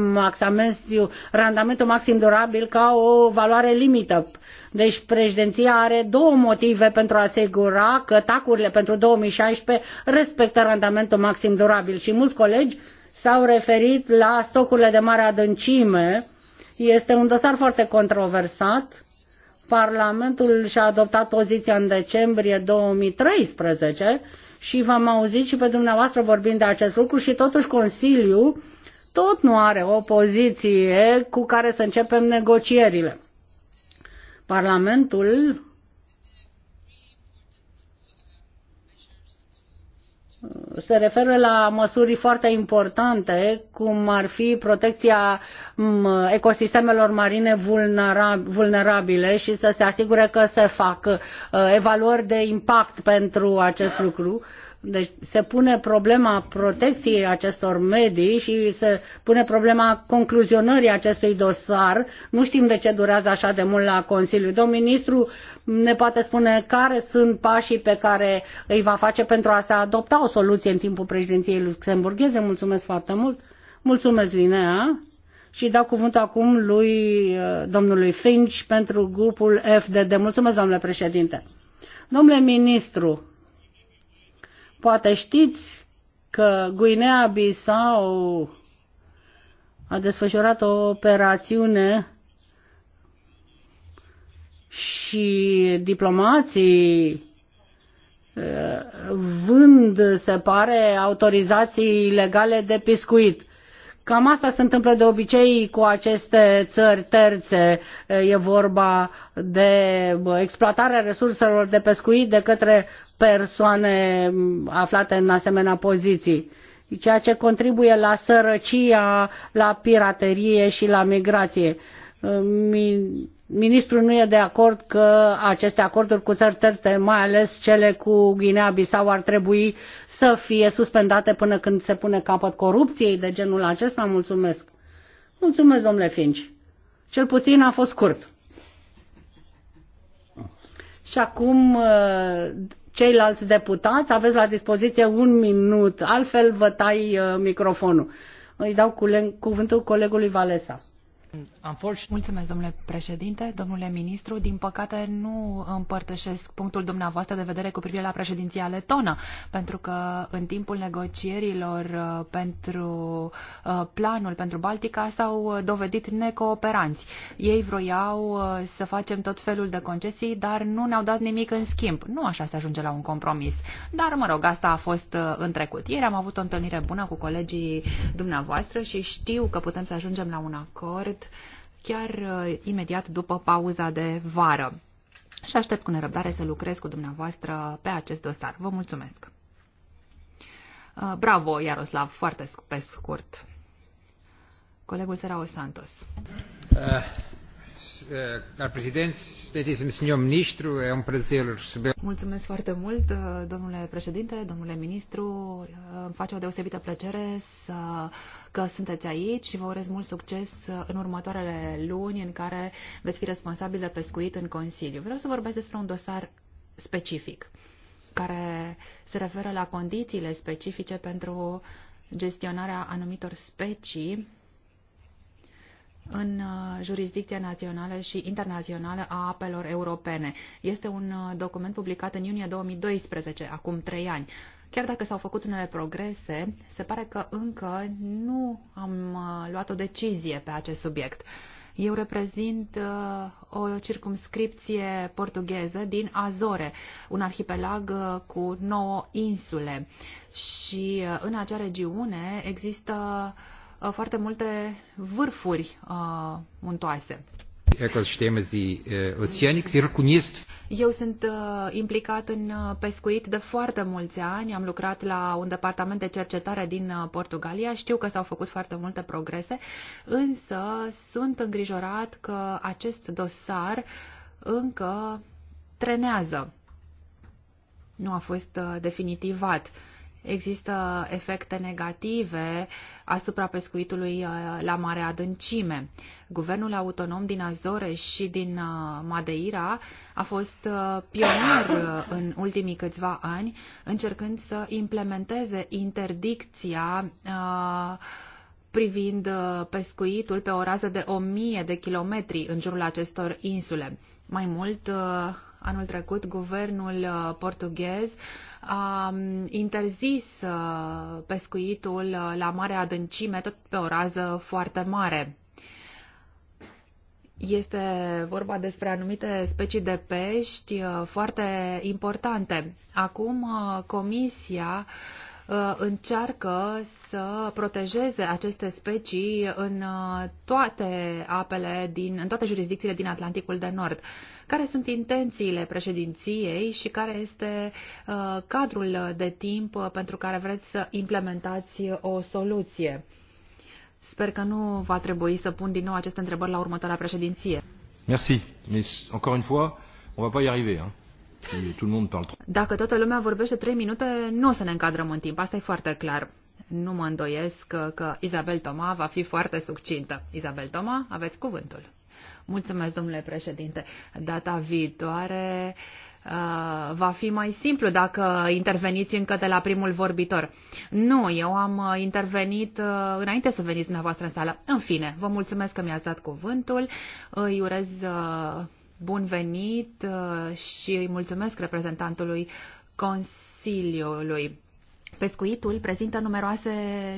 randamentul maxim durabil ca o valoare limită. Deci președinția are două motive pentru a asigura că tacurile pentru 2016 respectă randamentul maxim durabil și mulți colegi s-au referit la stocurile de mare adâncime. Este un dosar foarte controversat. Parlamentul și-a adoptat poziția în decembrie 2013 și v-am auzit și pe dumneavoastră vorbind de acest lucru și totuși Consiliul tot nu are o poziție cu care să începem negocierile. Parlamentul se referă la măsuri foarte importante, cum ar fi protecția ecosistemelor marine vulnerabile și să se asigure că se fac uh, evaluări de impact pentru acest lucru. Deci se pune problema protecției acestor medii și se pune problema concluzionării acestui dosar. Nu știm de ce durează așa de mult la Consiliu. Domnul ministru ne poate spune care sunt pașii pe care îi va face pentru a se adopta o soluție în timpul președinției luxemburgheze. Mulțumesc foarte mult. Mulțumesc, Linea. Și dau cuvântul acum lui uh, domnului Finch pentru grupul FDD. Mulțumesc, domnule președinte. Domnule ministru, poate știți că Guinea-Bissau a desfășurat o operațiune și diplomații uh, vând, se pare, autorizații legale de pescuit. Cam asta se întâmplă de obicei cu aceste țări terțe. Uh, e vorba de uh, exploatarea resurselor de pescuit de către persoane um, aflate în asemenea poziții, ceea ce contribuie la sărăcia, la piraterie și la migrație. Ministrul nu e de acord că aceste acorduri cu țări terțe, mai ales cele cu Guinea-Bissau, ar trebui să fie suspendate până când se pune capăt corupției de genul acesta. Mulțumesc. Mulțumesc, domnule Finci. Cel puțin a fost scurt. Și acum eh, ceilalți deputați aveți la dispoziție un minut, altfel vă tai eh, microfonul. Îi dau cuvântul colegului Valesa. Mulțumesc, domnule președinte, domnule ministru. Din păcate, nu împărtășesc punctul dumneavoastră de vedere cu privire la președinția letonă, pentru că în timpul negocierilor uh, pentru uh, planul pentru Baltica s-au uh, dovedit necooperanți. Ei vroiau să facem tot felul de concesii, dar nu ne-au dat nimic în schimb. Nu așa se ajunge la un compromis. Dar, mă rog, asta a fost în trecut. Ieri am avut o întâlnire bună cu colegii dumneavoastră și știu că putem să ajungem la un acord chiar uh, imediat după pauza de vară. Și aștept cu nerăbdare să lucrez cu dumneavoastră pe acest dosar. Vă mulțumesc! Uh, bravo, Iaroslav, foarte pe scurt. Colegul Serao Santos. Uh. Eh, Mulțumesc foarte mult, eh, domnule președinte, domnule ministru. Eh, îmi face o deosebită plăcere să, că sunteți aici și vă urez mult succes în următoarele luni în care veți fi responsabil de pescuit în Consiliu. Vreau să vorbesc despre un dosar specific care se referă la condițiile specifice pentru gestionarea anumitor specii în uh, jurisdicția națională și internațională a apelor europene. Este un uh, document publicat în iunie 2012, acum trei ani. Chiar dacă s-au făcut unele progrese, se pare că încă nu am uh, luat o decizie pe acest subiect. Eu reprezint o circumscripție portugheză din Azore, un arhipelag cu nouă insule. Și în acea regiune există uh, Uh, foarte multe vârfuri uh, muntoase. Uh, Eu sunt uh, implicat în uh, pescuit de foarte mulți ani. Am lucrat la un departament de cercetare din Portugalia. Știu că s-au făcut foarte multe progrese, însă sunt îngrijorat că acest dosar încă trenează. Nu a fost definitivat. Uh, există efecte negative asupra pescuitului uh, la mare adâncime. Guvernul autonom din Azore și din uh, Madeira a fost uh, pionier în ultimii câțiva ani, încercând să implementeze interdicția privind pescuitul pe o rază de 1000 de kilometri în jurul acestor insule. Mai mult, Anul trecut, guvernul uh, portughez a um, interzis uh, pescuitul uh, la mare adâncime, tot pe o rază foarte mare. Este vorba despre anumite specii de pești foarte importante. Acum Comisia Uh, încearcă să protejeze aceste specii în uh, toate apele, din, în toate jurisdicțiile din Atlanticul de Nord. Care sunt intențiile președinției și care este uh, cadrul de timp pentru care vreți să implementați o soluție? Sper că nu va trebui să pun din nou aceste întrebări la următoarea președinție. Merci. Mais encore une fois, on va pas y arriver. Hein? Dacă toată lumea vorbește trei minute, nu o să ne încadrăm în timp, asta e foarte clar. Nu mă îndoiesc că, că Isabel Toma va fi foarte succintă. Isabel Toma, aveți cuvântul. Mulțumesc, domnule președinte. Data viitoare uh, va fi mai simplu dacă interveniți încă de la primul vorbitor. Nu, eu am uh, intervenit uh, înainte să veniți dumneavoastră în sală. În fine, vă mulțumesc că mi-ați dat cuvântul. Îi urez uh, bun venit uh, și îi mulțumesc reprezentantului Consiliului. Pescuitul prezintă numeroase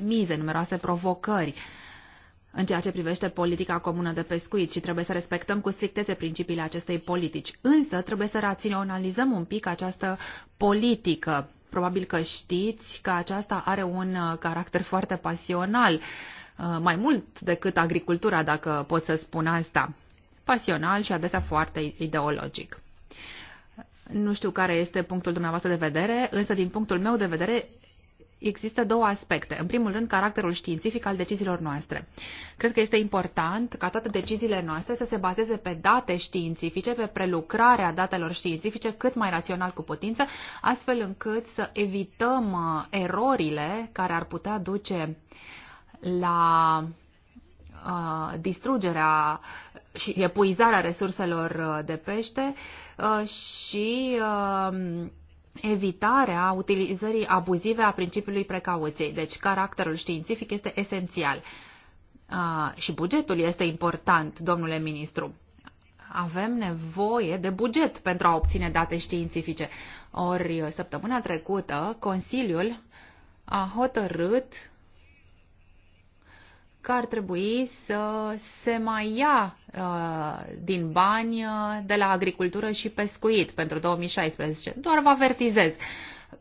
mize, numeroase provocări în ceea ce privește politica comună de pescuit și trebuie să respectăm cu strictețe principiile acestei politici. Însă trebuie să raționalizăm un pic această politică. Probabil că știți că aceasta are un uh, caracter foarte pasional, uh, mai mult decât agricultura, dacă pot să spun asta pasional și adesea foarte ideologic. Nu știu care este punctul dumneavoastră de vedere, însă din punctul meu de vedere există două aspecte. În primul rând, caracterul științific al deciziilor noastre. Cred că este important ca toate deciziile noastre să se bazeze pe date științifice, pe prelucrarea datelor științifice cât mai rațional cu putință, astfel încât să evităm uh, erorile care ar putea duce la distrugerea și epuizarea resurselor uh, de pește uh, și um, evitarea utilizării abuzive a principiului precauției. Deci caracterul științific este esențial. Și bugetul este important, domnule ministru avem nevoie de buget pentru a obține date științifice. Ori săptămâna trecută Consiliul a hotărât că ar trebui să se mai ia uh, din bani uh, de la agricultură și pescuit pentru 2016. Doar vă avertizez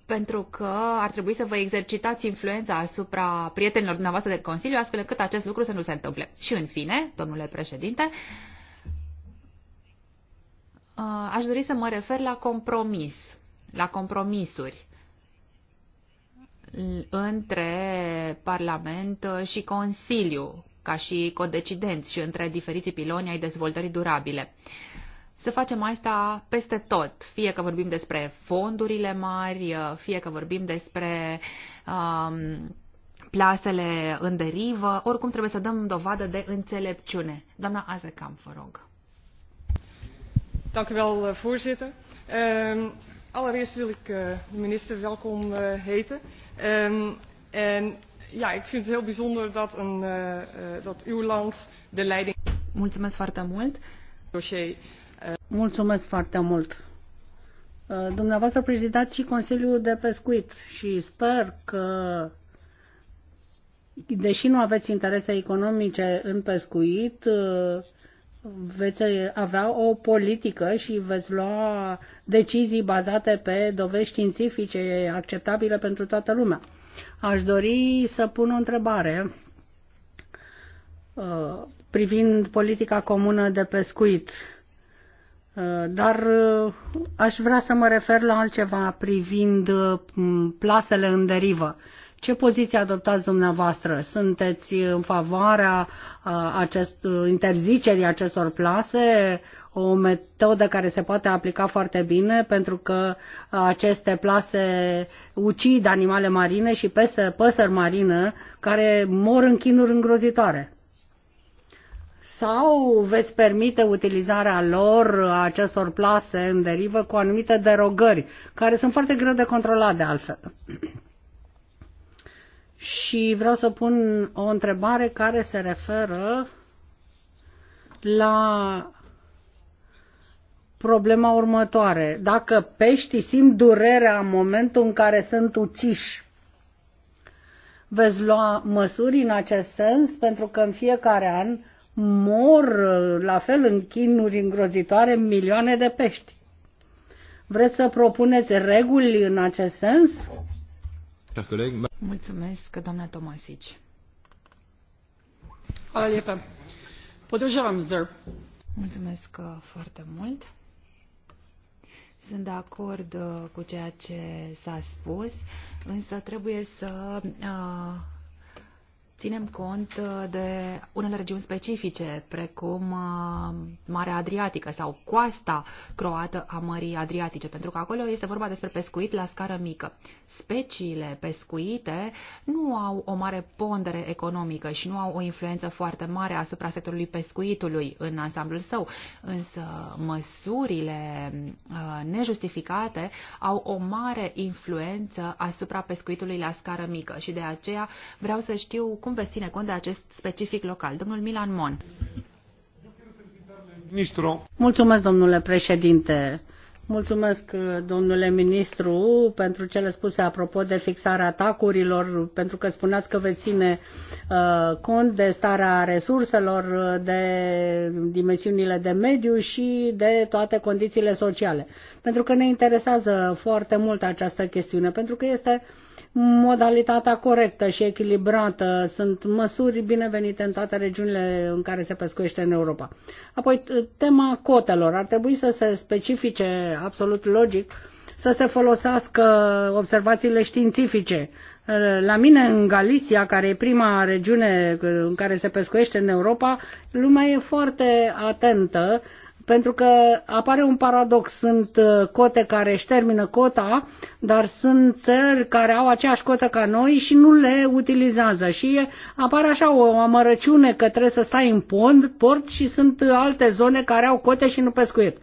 pentru că ar trebui să vă exercitați influența asupra prietenilor dumneavoastră de Consiliu, astfel încât acest lucru să nu se întâmple. Și în fine, domnule președinte, uh, aș dori să mă refer la compromis, la compromisuri între Parlament și Consiliu, ca și codecidenți și între diferiții piloni ai dezvoltării durabile. Să facem asta peste tot, fie că vorbim despre fondurile mari, fie că vorbim despre um, plasele în derivă, oricum trebuie să dăm dovadă de înțelepciune. Doamna Azecam, vă rog. Dank u wel, eh, voorzitter. Uh, allereerst wil ik uh, de minister welkom uh, heten. Uh, En, ehm, en ja, ik vind het heel bijzonder dat, een, uh, uh, dat uw land de leiding... Mulțumesc foarte mult. Dossier, uh... Mulțumesc foarte mult. dumneavoastră prezidați și Consiliul de Pescuit și sper că deși nu aveți interese economice în pescuit, uh, veți avea o politică și veți lua decizii bazate pe dovești științifice acceptabile pentru toată lumea. Aș dori să pun o întrebare uh, privind politica comună de pescuit, uh, dar uh, aș vrea să mă refer la altceva privind plasele în derivă. Ce poziție adoptați dumneavoastră? Sunteți în favoarea acest, interzicerii acestor plase, o metodă care se poate aplica foarte bine pentru că aceste plase ucid animale marine și peste păsări marine care mor în chinuri îngrozitoare? Sau veți permite utilizarea lor, a acestor plase în derivă, cu anumite derogări, care sunt foarte greu de controlat de altfel? și vreau să pun o întrebare care se referă la problema următoare. Dacă peștii simt durerea în momentul în care sunt uciși, veți lua măsuri în acest sens? Pentru că în fiecare an mor la fel în chinuri îngrozitoare milioane de pești. Vreți să propuneți reguli în acest sens? Mulțumesc, doamna Tomasici. Hvala lijepa. Podržavam ZERP. Mulțumesc uh, foarte mult. Sunt de acord uh, cu ceea ce s-a spus, însă trebuie să uh, ținem cont uh, de unele regiuni specifice, precum uh, Marea Adriatică sau coasta croată a Mării Adriatice, pentru că acolo este vorba despre pescuit la scară mică. Speciile pescuite nu au o mare pondere economică și nu au o influență foarte mare asupra sectorului pescuitului în ansamblul său, însă măsurile uh, nejustificate au o mare influență asupra pescuitului la scară mică și de aceea vreau să știu cum veți ține cont de acest specific local? Domnul Milan Mon. Ministru. Mulțumesc, domnule președinte. Mulțumesc, uh, domnule ministru, pentru cele spuse apropo de fixarea atacurilor, pentru că spuneați că veți ține uh, cont de starea resurselor, uh, de dimensiunile de mediu și de toate condițiile sociale. Pentru că ne interesează foarte mult această chestiune, pentru că este uh, modalitatea corectă și echilibrată sunt măsuri binevenite în toate regiunile în care se pescuiește în Europa. Apoi, tema cotelor. Ar trebui să se specifice absolut logic să se folosească observațiile științifice. La mine, în Galicia, care e prima regiune în care se pescuiește în Europa, lumea e foarte atentă pentru că apare un paradox. Sunt uh, cote care își termină cota, dar sunt țări care au aceeași cotă ca noi și nu le utilizează. Și apare așa o amărăciune că trebuie să stai în pond, port și sunt alte zone care au cote și nu pescuit.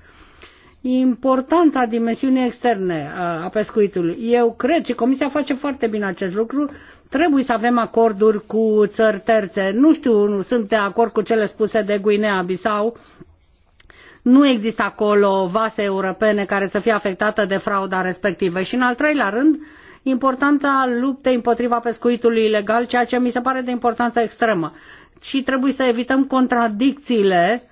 importanța dimensiunii externe uh, a pescuitului. Eu cred și Comisia face foarte bine acest lucru. Trebuie să avem acorduri cu țări terțe. Nu știu, nu sunt de acord cu cele spuse de Guinea-Bissau, nu există acolo vase europene care să fie afectate de frauda respectivă. Și în al treilea rând, importanța luptei împotriva pescuitului ilegal, ceea ce mi se pare de importanță extremă. Și trebuie să evităm contradicțiile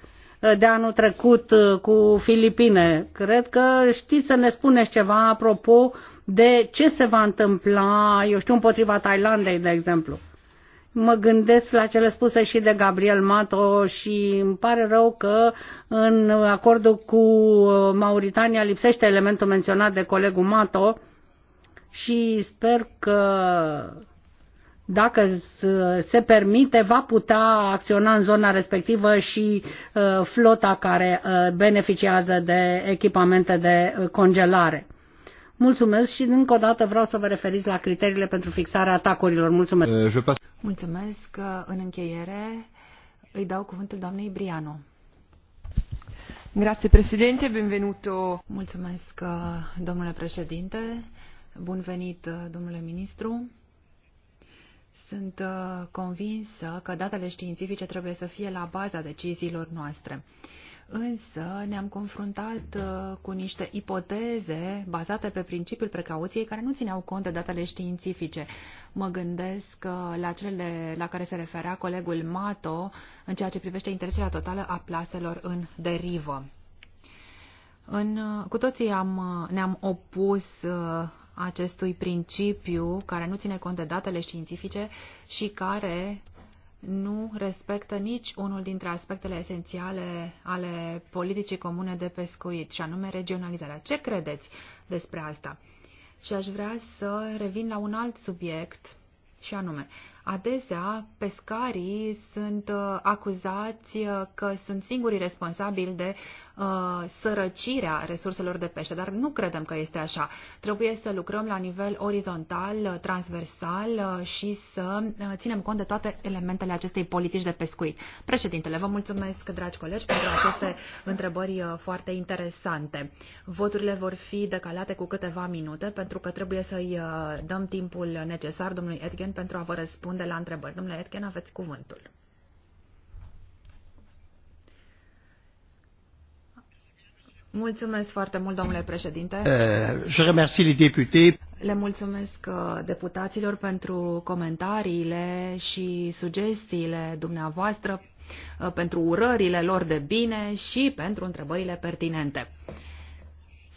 uh, de anul trecut uh, cu Filipine. Cred că știți să ne spuneți ceva apropo de ce se va întâmpla, eu știu, împotriva Thailandei, de exemplu mă gândesc la cele spuse și de Gabriel Mato și îmi pare rău că în acordul cu uh, Mauritania lipsește elementul menționat de colegul Mato și sper că dacă se permite, va putea acționa în zona respectivă și uh, flota care uh, beneficiază de echipamente de congelare. Mulțumesc și încă o dată vreau să vă referiți la criteriile pentru fixarea atacurilor. Mulțumesc. Eh, Mulțumesc. Eh, în încheiere îi dau cuvântul doamnei Briano. Grazie președinte. benvenuto. Mulțumesc, eh, domnule președinte. Bun venit, domnule ministru. Sunt convinsă că datele științifice trebuie să fie la baza deciziilor noastre. Însă ne-am confruntat uh, cu niște ipoteze bazate pe principiul precauției care nu țineau cont de datele științifice. Mă gândesc uh, la cele la care se referea colegul Mato în ceea ce privește interesarea totală a plaselor în derivă. În, uh, cu toții am, ne-am opus acestui principiu care nu ține cont de datele științifice și care nu respectă nici unul dintre aspectele esențiale ale politicii comune de pescuit, și anume regionalizarea. Ce credeți despre asta? Și aș vrea să revin la un alt subiect, și anume, Adesea, pescarii sunt uh, acuzați uh, că sunt singurii responsabili de uh, sărăcirea resurselor de pește, dar nu credem că este așa. Trebuie să lucrăm la nivel orizontal, uh, transversal și să ținem cont de toate elementele acestei politici de pescuit. Președintele, vă mulțumesc, dragi colegi, pentru aceste întrebări foarte interesante. Voturile vor fi decalate cu câteva minute, pentru că trebuie să-i dăm timpul necesar domnului Edgen pentru a vă răspunde răspunde la întrebări. Domnule Etken, aveți cuvântul. Mulțumesc foarte mult, domnule președinte. Uh, je remercie les députés. Le mulțumesc uh, deputaților pentru comentariile și sugestiile dumneavoastră, uh, pentru urările lor de bine și pentru întrebările pertinente.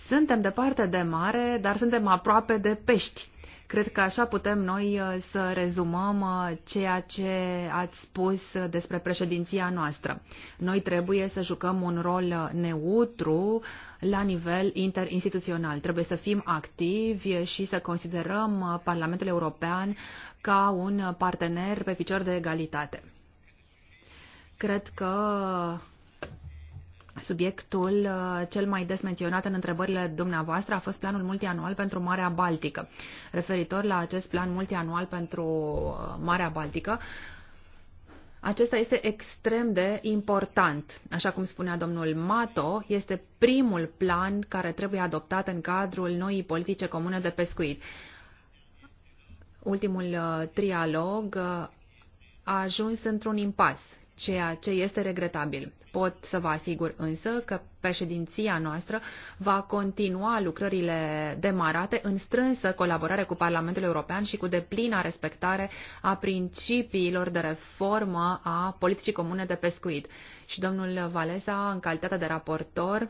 Suntem departe de mare, dar suntem aproape de pești. Cred că așa putem noi uh, să rezumăm uh, ceea ce ați spus despre președinția noastră. Noi trebuie să jucăm un rol uh, neutru la nivel interinstituțional. Trebuie să fim activi și să considerăm Parlamentul European ca un partener pe picior de egalitate. Cred că Subiectul uh, cel mai des menționat în întrebările dumneavoastră a fost planul multianual pentru Marea Baltică. Referitor la acest plan multianual pentru uh, Marea Baltică, acesta este extrem de important. Așa cum spunea domnul Mato, este primul plan care trebuie adoptat în cadrul noii politice comune de pescuit. Ultimul uh, trialog a ajuns într-un impas ceea ce este regretabil. Pot să vă asigur însă că președinția noastră va continua lucrările demarate în strânsă colaborare cu Parlamentul European și cu deplina respectare a principiilor de reformă a politicii comune de pescuit. Și domnul Valesa, în calitate de raportor,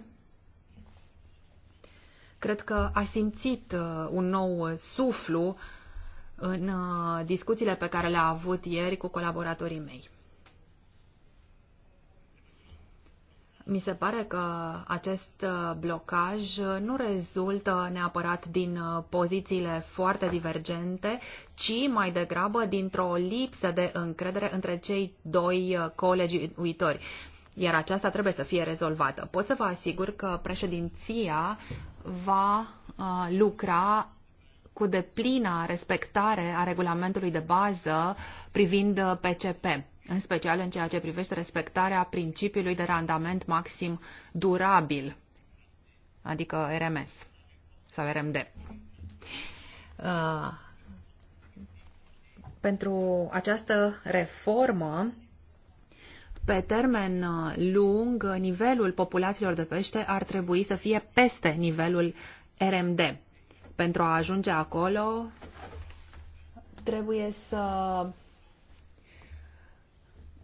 cred că a simțit uh, un nou suflu în uh, discuțiile pe care le-a avut ieri cu colaboratorii mei. Mi se pare că acest uh, blocaj uh, nu rezultă neapărat din uh, pozițiile foarte divergente, ci mai degrabă dintr-o lipsă de încredere între cei doi colegi uitori. Iar aceasta trebuie să fie rezolvată. Pot să vă asigur că președinția va lucra cu deplina respectare a regulamentului de bază privind PCP în special în ceea ce privește respectarea principiului de randament maxim durabil, adică RMS sau RMD. Uh, pentru această reformă, pe termen uh, lung, nivelul populațiilor de pește ar trebui să fie peste nivelul RMD. Pentru a ajunge acolo, trebuie să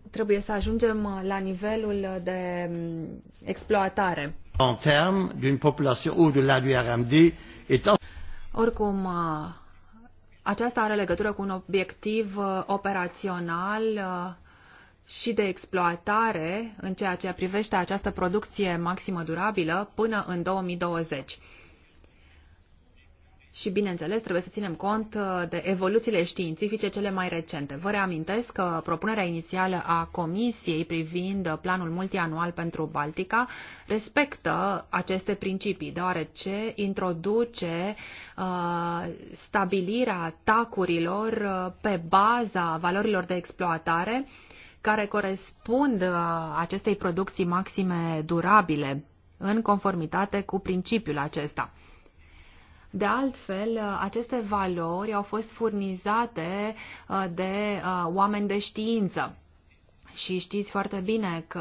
trebuie să ajungem uh, la nivelul uh, de mm, exploatare. În de d'une population au-delà du RMD est Oricum, uh, aceasta are legătură cu un obiectiv operațional și de exploatare în ceea ce privește această producție maximă durabilă până în 2020. Și, bineînțeles, trebuie să ținem cont uh, de evoluțiile științifice cele mai recente. Vă reamintesc că propunerea inițială a Comisiei privind planul multianual pentru Baltica respectă aceste principii, deoarece introduce uh, stabilirea tacurilor uh, pe baza valorilor de exploatare care corespund uh, acestei producții maxime durabile în conformitate cu principiul acesta. De altfel, aceste valori au fost furnizate uh, de uh, oameni de știință. Și știți foarte bine că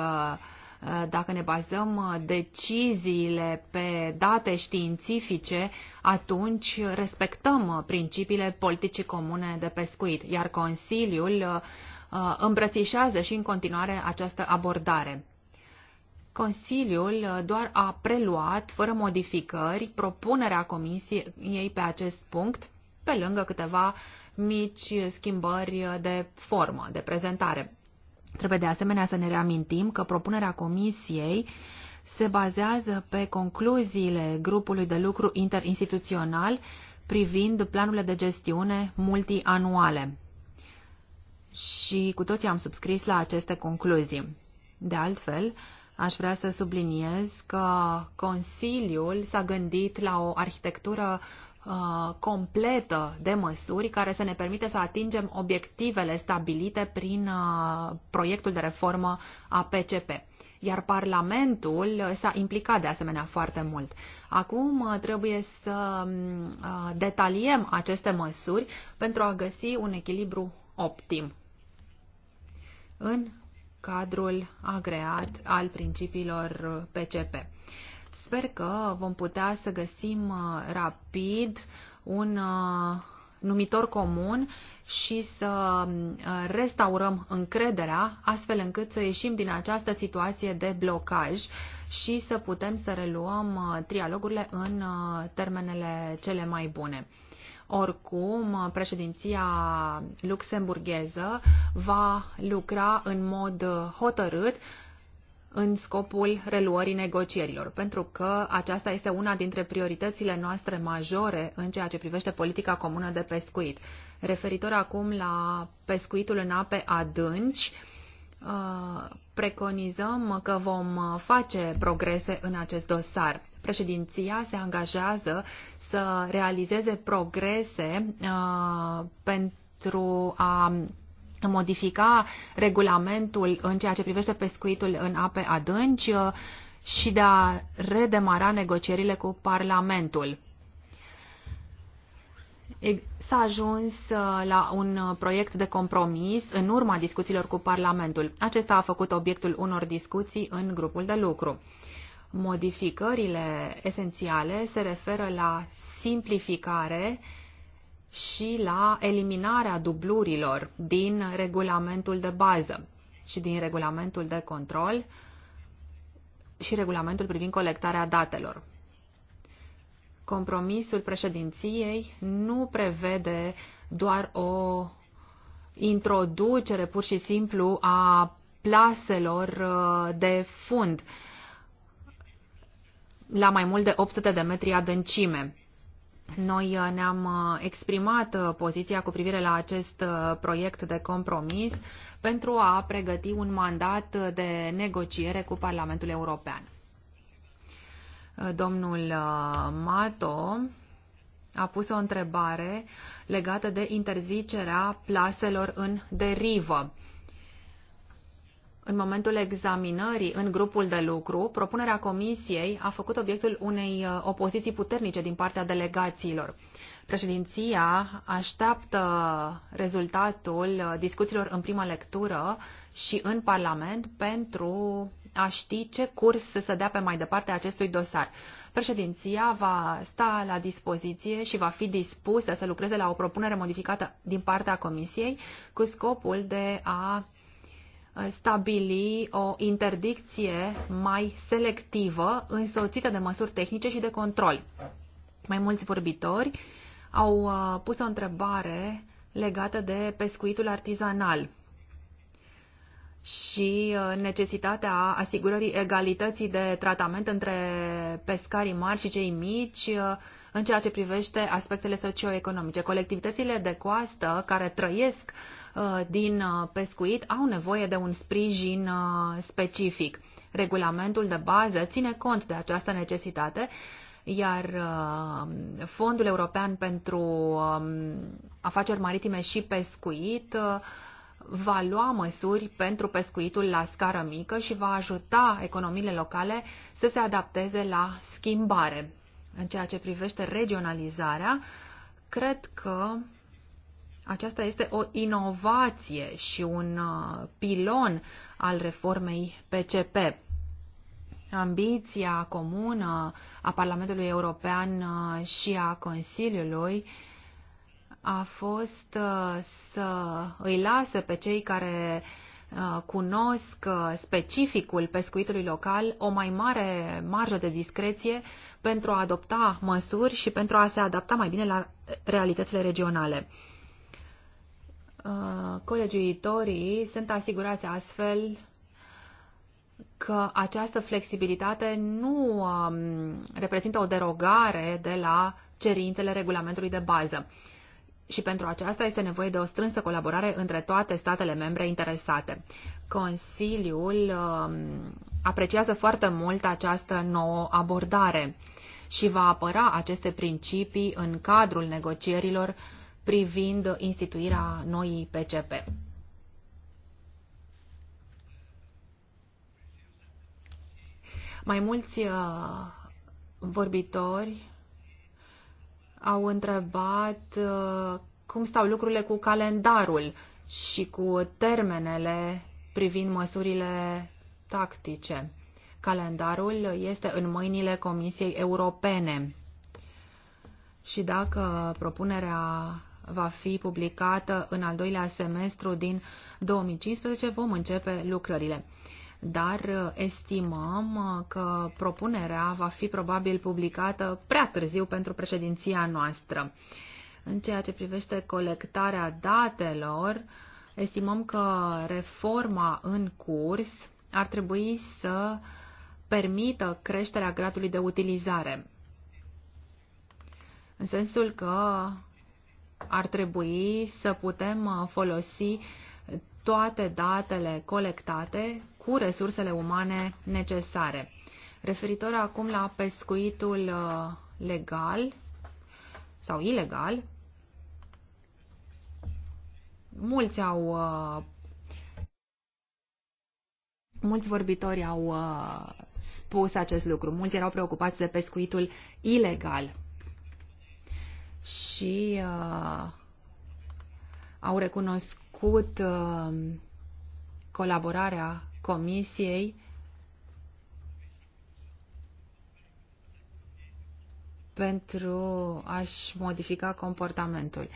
uh, dacă ne bazăm deciziile pe date științifice, atunci respectăm principiile politicii comune de pescuit, iar Consiliul îmbrățișează și în continuare această abordare. Consiliul uh, doar a preluat, fără modificări, propunerea Comisiei pe acest punct, pe lângă câteva mici schimbări de formă, de prezentare. Trebuie de asemenea să ne reamintim că propunerea Comisiei se bazează pe concluziile grupului de lucru interinstituțional privind planurile de gestiune multianuale. Și cu toții am subscris la aceste concluzii. De altfel, Aș vrea să subliniez că Consiliul s-a gândit la o arhitectură uh, completă de măsuri care să ne permite să atingem obiectivele stabilite prin uh, proiectul de reformă a PCP. Iar Parlamentul s-a implicat de asemenea foarte mult. Acum uh, trebuie să um, detaliem aceste măsuri pentru a găsi un echilibru optim. În cadrul agreat al principiilor PCP. Sper că vom putea să găsim uh, rapid un uh, numitor comun și să um, restaurăm încrederea astfel încât să ieșim din această situație de blocaj și să putem să reluăm uh, trialogurile în termenele cele mai bune. Oricum, președinția luxemburgheză va lucra în mod hotărât în scopul reluării negocierilor, pentru că aceasta este una dintre prioritățile noastre majore în ceea ce privește politica comună de pescuit. Referitor acum la pescuitul în ape adânci, uh, preconizăm că vom face progrese în acest dosar. Președinția se angajează să realizeze progrese uh, pentru a modifica regulamentul în ceea ce privește pescuitul în ape adânci uh, și de a redemara negocierile cu Parlamentul. S-a ajuns uh, la un proiect de compromis în urma discuțiilor cu Parlamentul. Acesta a făcut obiectul unor discuții în grupul de lucru. Modificările esențiale se referă la simplificare și la eliminarea dublurilor din regulamentul de bază și din regulamentul de control și regulamentul privind colectarea datelor. Compromisul președinției nu prevede doar o introducere pur și simplu a plaselor uh, de fund, la mai mult de 800 de metri adâncime. Noi uh, ne-am uh, exprimat uh, poziția cu privire la acest proiect de compromis pentru a pregăti un mandat de negociere cu Parlamentul European. Domnul Mato a pus o întrebare legată de interzicerea plaselor în derivă în momentul examinării în grupul de lucru, propunerea comisiei a făcut obiectul unei uh, opoziții puternice din partea delegațiilor. Președinția așteaptă rezultatul uh, discuțiilor în prima lectură și în Parlament pentru a ști ce curs să dea pe mai departe acestui dosar. Președinția va sta la dispoziție și va fi dispusă să lucreze la o propunere modificată din partea Comisiei cu scopul de a stabili o interdicție mai selectivă, însoțită de măsuri tehnice și de control. Mai mulți vorbitori au uh, pus o întrebare legată de pescuitul artizanal și uh, necesitatea asigurării egalității de tratament între pescarii mari și cei mici uh, în ceea ce privește aspectele socioeconomice. Colectivitățile de coastă care trăiesc Uh, din uh, pescuit au nevoie de un sprijin uh, specific. Regulamentul de bază ține cont de această necesitate, iar Fondul European pentru um, Afaceri Maritime și Pescuit va lua măsuri pentru pescuitul la scară mică și va ajuta economiile locale să se adapteze la schimbare. În ceea ce privește regionalizarea, cred că aceasta este o inovație și un uh, pilon al reformei PCP. Ambiția comună a Parlamentului European uh, și a Consiliului a fost uh, să îi lasă pe cei care cunosc specificul pescuitului local o mai mare marjă de discreție pentru a adopta măsuri și pentru a se adapta mai bine la realitățile regionale. Uh, colegiuitorii sunt asigurați astfel că această flexibilitate nu um, reprezintă o derogare de la cerințele regulamentului de bază. Și pentru aceasta este nevoie de o strânsă colaborare între toate statele membre interesate. Consiliul um, apreciază foarte mult această nouă abordare și va apăra aceste principii în cadrul negocierilor privind instituirea noii PCP. Mai mulți uh, vorbitori au întrebat uh, cum stau lucrurile cu calendarul și cu termenele privind măsurile tactice. Calendarul este în mâinile Comisiei Europene. Și dacă propunerea va fi publicată în al doilea semestru din 2015, vom începe lucrările. Dar uh, estimăm uh, că propunerea va fi probabil publicată prea târziu pentru președinția noastră. În ceea ce privește colectarea datelor, estimăm că reforma în curs ar trebui să permită creșterea gradului de utilizare. În sensul că ar trebui să putem uh, folosi toate datele colectate cu resursele umane necesare. Referitor acum la pescuitul uh, legal sau ilegal, mulți au uh, mulți vorbitori au spus acest lucru. Mulți erau preocupați de pescuitul ilegal și uh, au recunoscut uh, colaborarea Comisiei pentru a-și modifica comportamentul.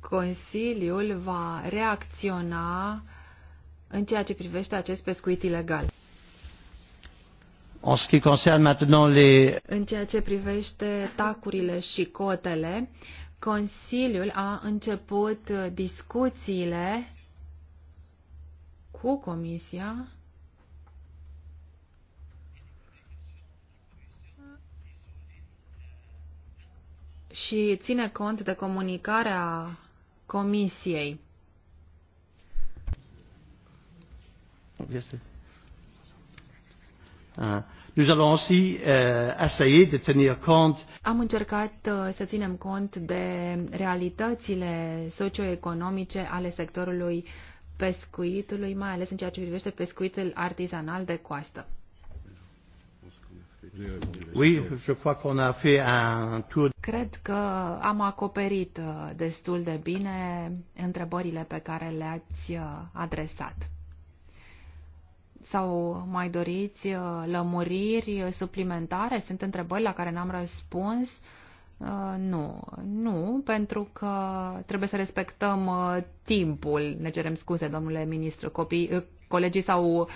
Consiliul va reacționa în ceea ce privește acest pescuit ilegal. En ce qui concerne maintenant les... În ceea ce privește tacurile și cotele, Consiliul a început discuțiile cu Comisia și ține cont de comunicarea Comisiei. Este. Ah. Nous allons aussi euh, essayer de tenir compte. Am încercat euh, să ținem cont de realitățile socioeconomice ale sectorului pescuitului, mai ales în ceea ce privește pescuitul artizanal de coastă. Oui, je crois qu'on a fait un tour. Cred că am acoperit uh, destul de bine întrebările pe care le-ați uh, adresat sau mai doriți uh, lămuriri suplimentare? Sunt întrebări la care n-am răspuns? Uh, nu, nu, pentru că trebuie să respectăm uh, timpul. Ne cerem scuze, domnule ministru. Copii, colegii s-au,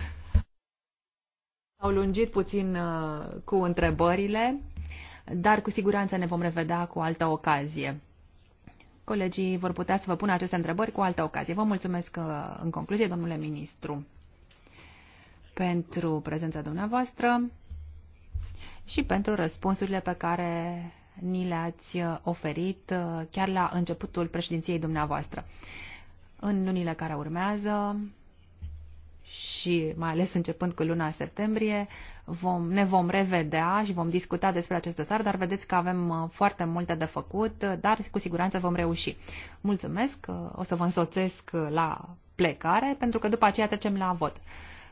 s-au lungit puțin cu întrebările, dar cu siguranță ne vom revedea cu altă ocazie. Colegii vor putea să vă pună aceste întrebări cu altă ocazie. Vă mulțumesc în concluzie, domnule ministru pentru prezența dumneavoastră și pentru răspunsurile pe care ni le-ați uh, oferit uh, chiar la începutul președinției dumneavoastră. În lunile care urmează și mai ales începând cu luna septembrie, vom, ne vom revedea și vom discuta despre acest dosar, dar vedeți că avem uh, foarte multe de făcut, dar cu siguranță vom reuși. Mulțumesc, o să vă însoțesc la plecare, pentru că după aceea trecem la vot.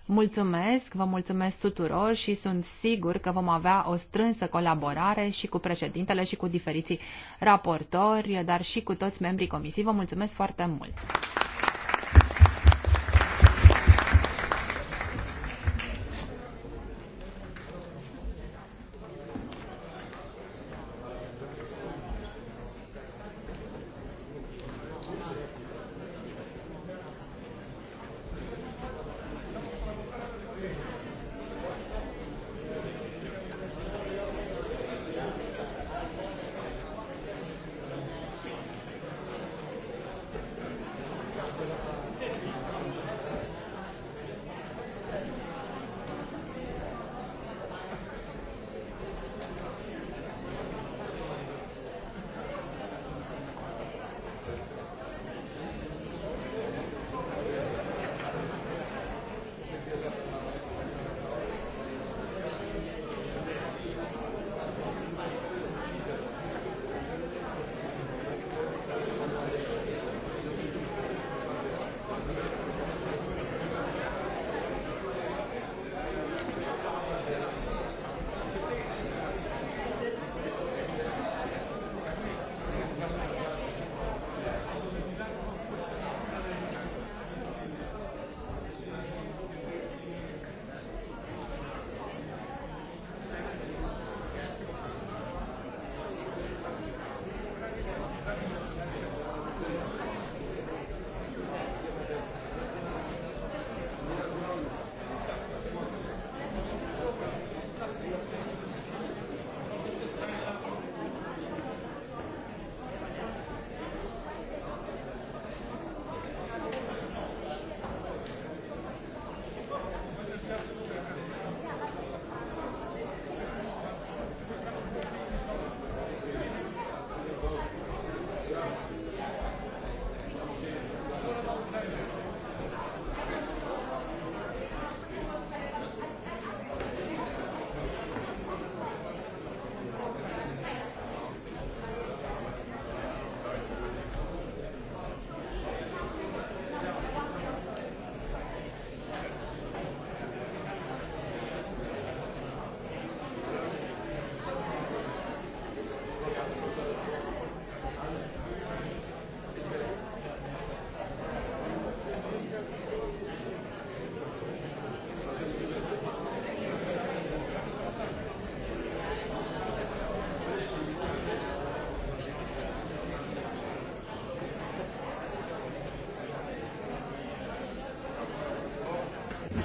Mulțumesc, vă mulțumesc tuturor și sunt sigur că vom avea o strânsă colaborare și cu președintele și cu diferiții raportori, dar și cu toți membrii comisiei. Vă mulțumesc foarte mult!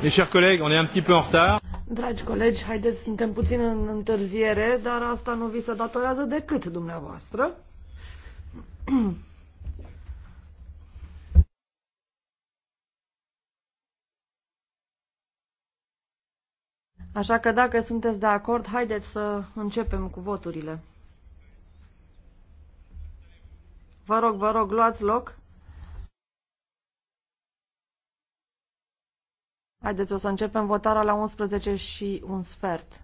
un Dragi colegi, haideți, suntem puțin în întârziere, dar asta nu vi se datorează decât dumneavoastră. Așa că dacă sunteți de acord, haideți să începem cu voturile. Vă rog, vă rog, luați loc. Haideți, o să începem votarea la 11 și un sfert.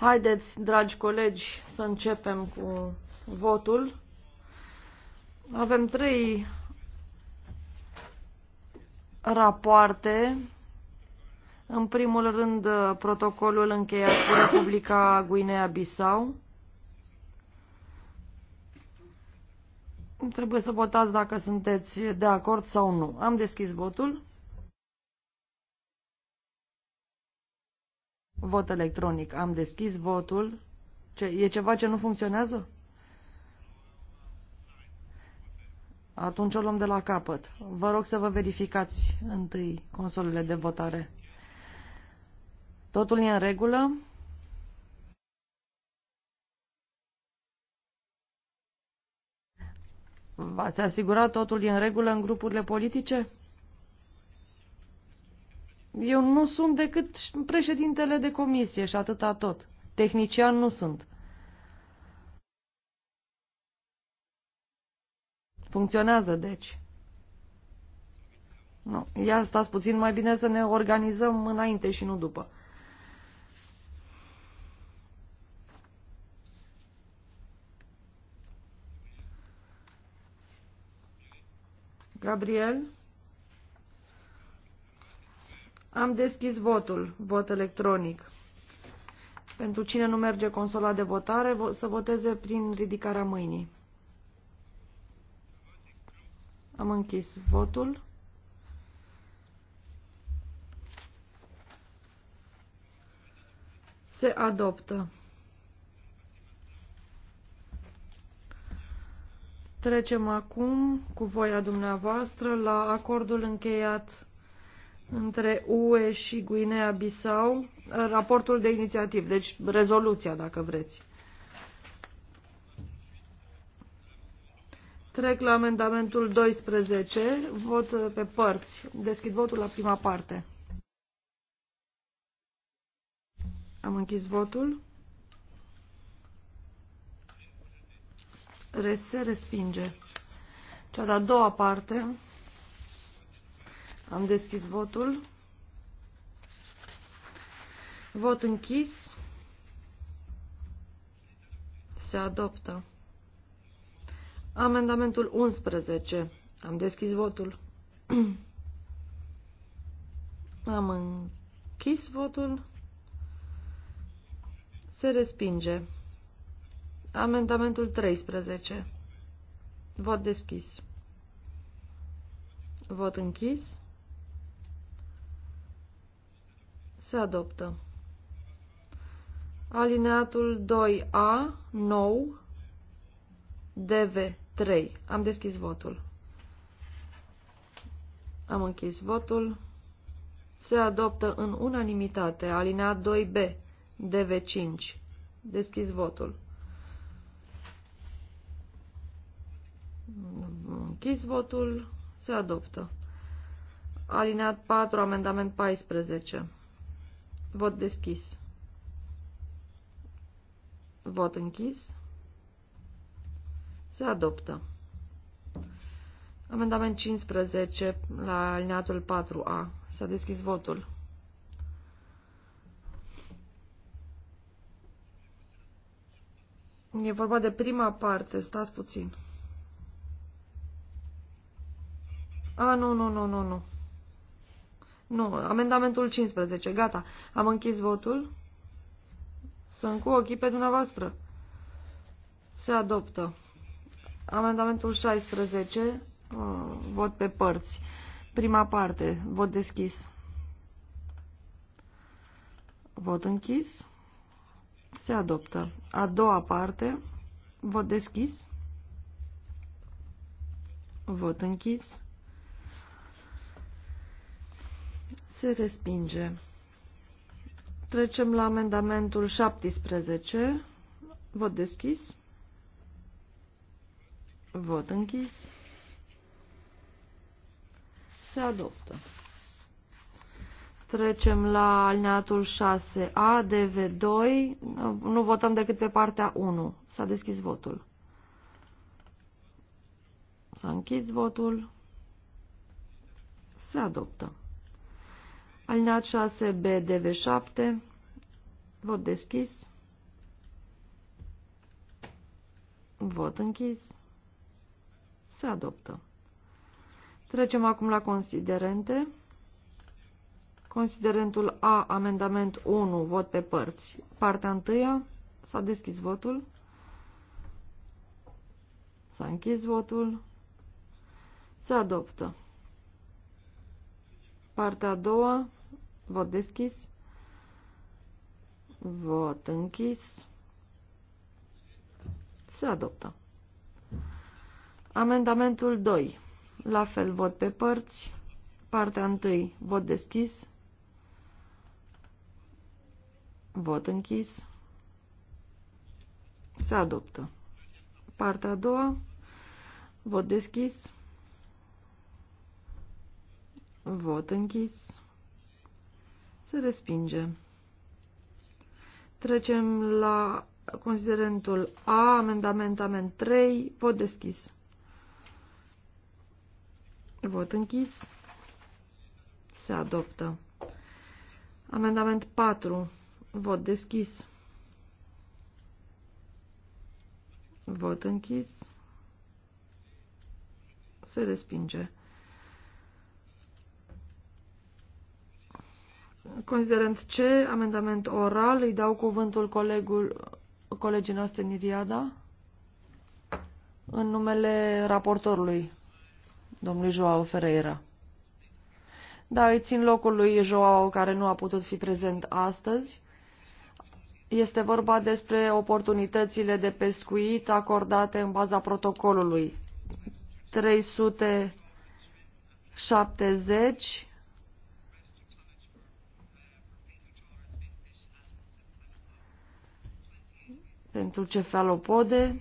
Haideți, dragi colegi, să începem cu votul. Avem trei rapoarte. În primul rând, protocolul încheiat cu Republica Guinea-Bissau. Trebuie să votați dacă sunteți de acord sau nu. Am deschis votul. Vot electronic. Am deschis votul. Ce, e ceva ce nu funcționează? Atunci o luăm de la capăt. Vă rog să vă verificați întâi consolele de votare. Totul e în regulă. V-ați asigurat totul e în regulă în grupurile politice? Eu nu sunt decât președintele de comisie și atâta tot. Tehnician nu sunt. Funcționează, deci. Nu. Ia stați puțin, mai bine să ne organizăm înainte și nu după. Gabriel? Am deschis votul, vot electronic. Pentru cine nu merge consola de votare, să voteze prin ridicarea mâinii. Am închis votul. Se adoptă. Trecem acum, cu voia dumneavoastră, la acordul încheiat între UE și Guinea-Bissau, raportul de inițiativ, deci rezoluția, dacă vreți. Trec la amendamentul 12, vot pe părți. Deschid votul la prima parte. Am închis votul. Se respinge. Cea de-a doua parte. Am deschis votul. Vot închis. Se adoptă. Amendamentul 11. Am deschis votul. [CLEARS THROAT] Am închis votul. Se respinge. Amendamentul 13. Vot deschis. Vot închis. Se adoptă. Alineatul 2A, nou, DV3. Am deschis votul. Am închis votul. Se adoptă în unanimitate alineat 2B, DV5. Deschis votul. Închis votul. Se adoptă. Alineat 4, amendament 14. Vot deschis. Vot închis. Se adoptă. Amendament 15 la alineatul 4A. S-a deschis votul. E vorba de prima parte. Stați puțin. A, nu, nu, nu, nu, nu. Nu, amendamentul 15, gata. Am închis votul. Sunt cu ochii pe dumneavoastră. Se adoptă. Amendamentul 16, uh, vot pe părți. Prima parte, vot deschis. Vot închis. Se adoptă. A doua parte, vot deschis. Vot închis. Se respinge. Trecem la amendamentul 17. Vot deschis. Vot închis. Se adoptă. Trecem la alineatul 6A, DV2. Nu votăm decât pe partea 1. S-a deschis votul. S-a închis votul. Se adoptă. Alineat 6 BDV7. Vot deschis. Vot închis. Se adoptă. Trecem acum la considerente. Considerentul A, amendament 1, vot pe părți. Partea 1, s-a deschis votul. S-a închis votul. Se adoptă. Partea a doua, Vot deschis. Vot închis. Se adoptă. Amendamentul 2. La fel, vot pe părți. Partea 1. Vot deschis. Vot închis. Se adoptă. Partea a doua. Vot deschis. Vot închis. Se respinge. Trecem la considerentul A, amendament, amendament 3, vot deschis. Vot închis. Se adoptă. Amendament 4, vot deschis. Vot închis. Se respinge. Considerând ce amendament oral, îi dau cuvântul colegul, colegii noastre Niriada în numele raportorului, domnului Joao Ferreira. Da, îi țin locul lui Joao, care nu a putut fi prezent astăzi. Este vorba despre oportunitățile de pescuit acordate în baza protocolului 370 pentru cefalopode.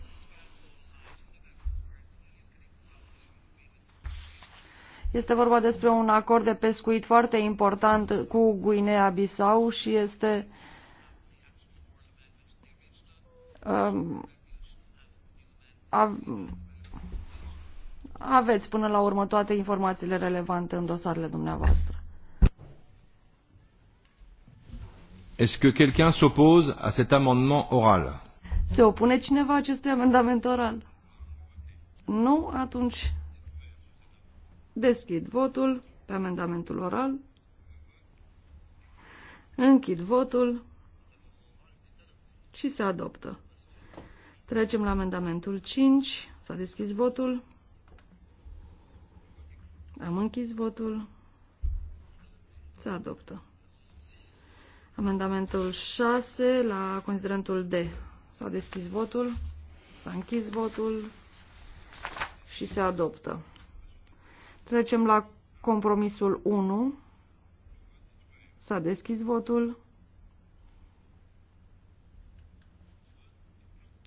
Este vorba despre un acord de pescuit foarte important cu Guinea-Bissau și este um, aveți până la urmă toate informațiile relevante în dosarele dumneavoastră. Est-ce que quelqu'un s'oppose à cet amendement oral se opune cineva acestui amendament oral? Nu? Atunci deschid votul pe amendamentul oral. Închid votul și se adoptă. Trecem la amendamentul 5. S-a deschis votul. Am închis votul. Se adoptă. Amendamentul 6 la considerentul D. S-a deschis votul, s-a închis votul și se adoptă. Trecem la compromisul 1. S-a deschis votul.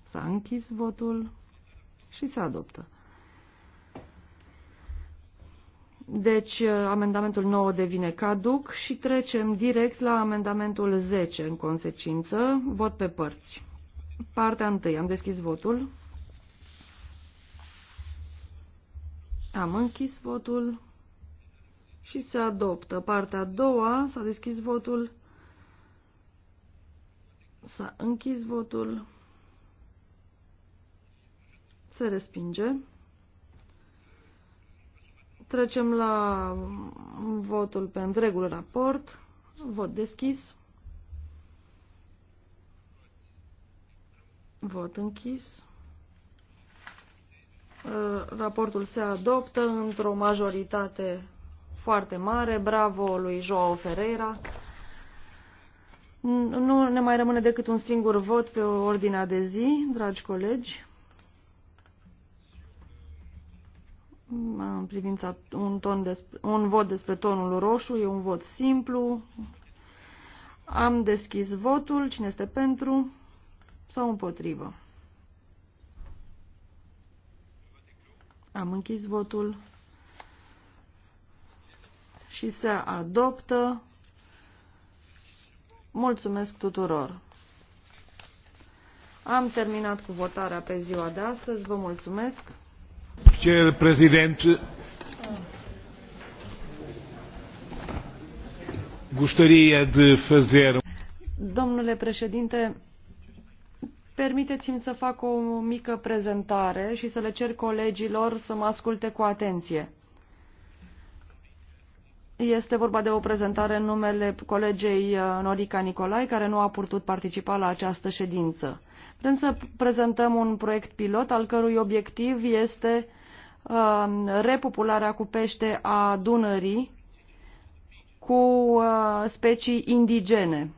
S-a închis votul și se adoptă. Deci, uh, amendamentul 9 devine caduc și trecem direct la amendamentul 10 în consecință, vot pe părți. Partea întâi. Am deschis votul. Am închis votul și se adoptă. Partea a doua s-a deschis votul. S-a închis votul. Se respinge. Trecem la votul pe întregul raport. Vot deschis. Vot închis. Uh, raportul se adoptă într-o majoritate foarte mare. Bravo lui Joao Ferreira. Nu ne mai rămâne decât un singur vot pe ordinea de zi, dragi colegi. În privința un, ton despre, un vot despre tonul roșu, e un vot simplu. Am deschis votul. Cine este pentru? sau împotrivă. Am închis votul și se adoptă. Mulțumesc tuturor! Am terminat cu votarea pe ziua de astăzi. Vă mulțumesc! Cel președinte, gostaria de fazer... Domnule președinte, Permiteți-mi să fac o mică prezentare și să le cer colegilor să mă asculte cu atenție. Este vorba de o prezentare în numele colegei uh, Norica Nicolai, care nu a putut participa la această ședință. Vrem să prezentăm un proiect pilot al cărui obiectiv este uh, repopularea cu pește a Dunării cu uh, specii indigene.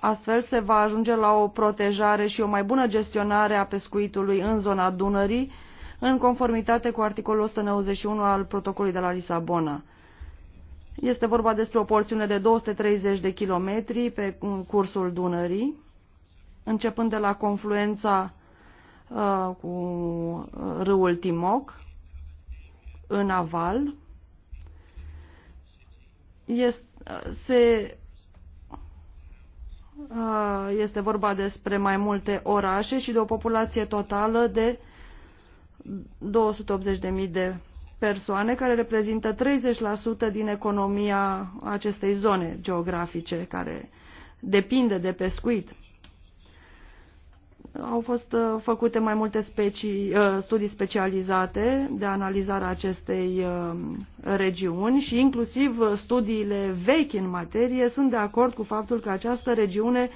Astfel se va ajunge la o protejare și o mai bună gestionare a pescuitului în zona Dunării, în conformitate cu articolul 191 al protocolului de la Lisabona. Este vorba despre o porțiune de 230 de kilometri pe cursul Dunării, începând de la confluența uh, cu uh, râul Timoc, în aval. Este, uh, se Ah, este vorba despre mai multe orașe și de o populație totală de 280.000 de persoane, care reprezintă 30% din economia acestei zone geografice, care depinde de pescuit. Au fost uh, făcute mai multe specii, uh, studii specializate de analizarea acestei uh, regiuni și inclusiv studiile vechi în materie sunt de acord cu faptul că această regiune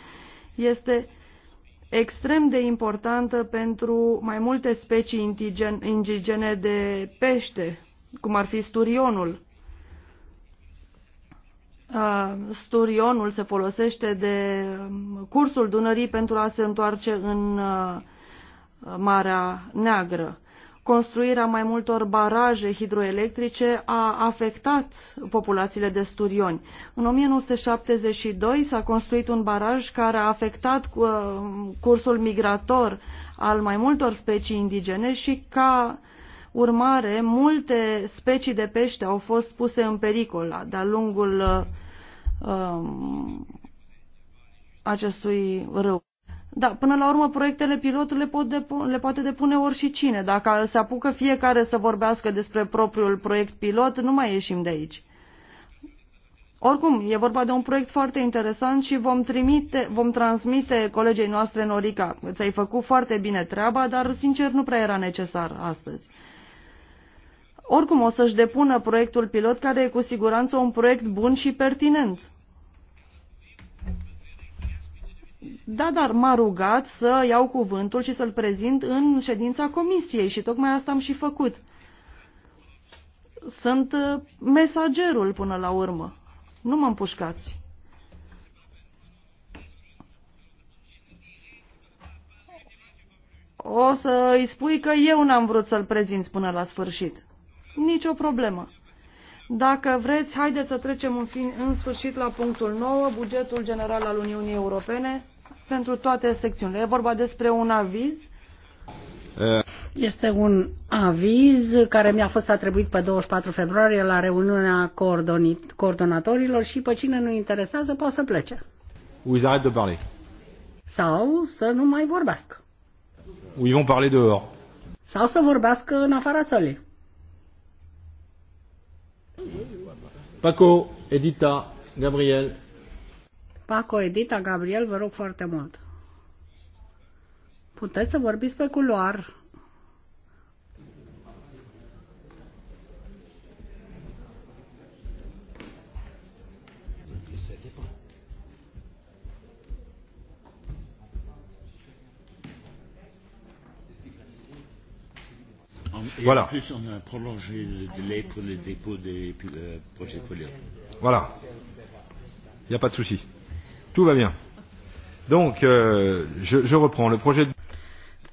este extrem de importantă pentru mai multe specii indigene de pește, cum ar fi sturionul. Sturionul se folosește de um, cursul Dunării pentru a se întoarce în uh, Marea Neagră. Construirea mai multor baraje hidroelectrice a afectat populațiile de sturioni. În 1972 s-a construit un baraj care a afectat uh, cursul migrator al mai multor specii indigene și ca urmare, multe specii de pește au fost puse în pericol de-a lungul uh, acestui râu. Da, până la urmă, proiectele pilot le, pot depune, le poate depune oricine. Dacă se apucă fiecare să vorbească despre propriul proiect pilot, nu mai ieșim de aici. Oricum, e vorba de un proiect foarte interesant și vom, trimite, vom transmite colegei noastre Norica. Ți-ai făcut foarte bine treaba, dar sincer nu prea era necesar astăzi oricum o să-și depună proiectul pilot, care e cu siguranță un proiect bun și pertinent. Da, dar m-a rugat să iau cuvântul și să-l prezint în ședința comisiei și tocmai asta am și făcut. Sunt uh, mesagerul până la urmă. Nu mă împușcați. O să îi spui că eu n-am vrut să-l prezint până la sfârșit. Nicio problemă. Dacă vreți, haideți să trecem în, fin, în sfârșit la punctul 9, bugetul general al Uniunii Europene, pentru toate secțiunile. E vorba despre un aviz. Este un aviz care mi-a fost atribuit pe 24 februarie la reuniunea coordonatorilor și pe cine nu interesează poate să plece. Ou de parler. Sau să nu mai vorbească. ils vont parler dehors. Sau să vorbească în afara sălii. Paco, Edita, Gabriel. Paco, Edita, Gabriel, vă rog foarte mult. Puteți să vorbiți pe culoar. Voilà. En plus, on a prolongé le délai pour le dépôt des euh, projets de polio. Voilà. Il n'y a pas de souci. Tout va bien. Donc, euh, je, je reprends. Le projet de...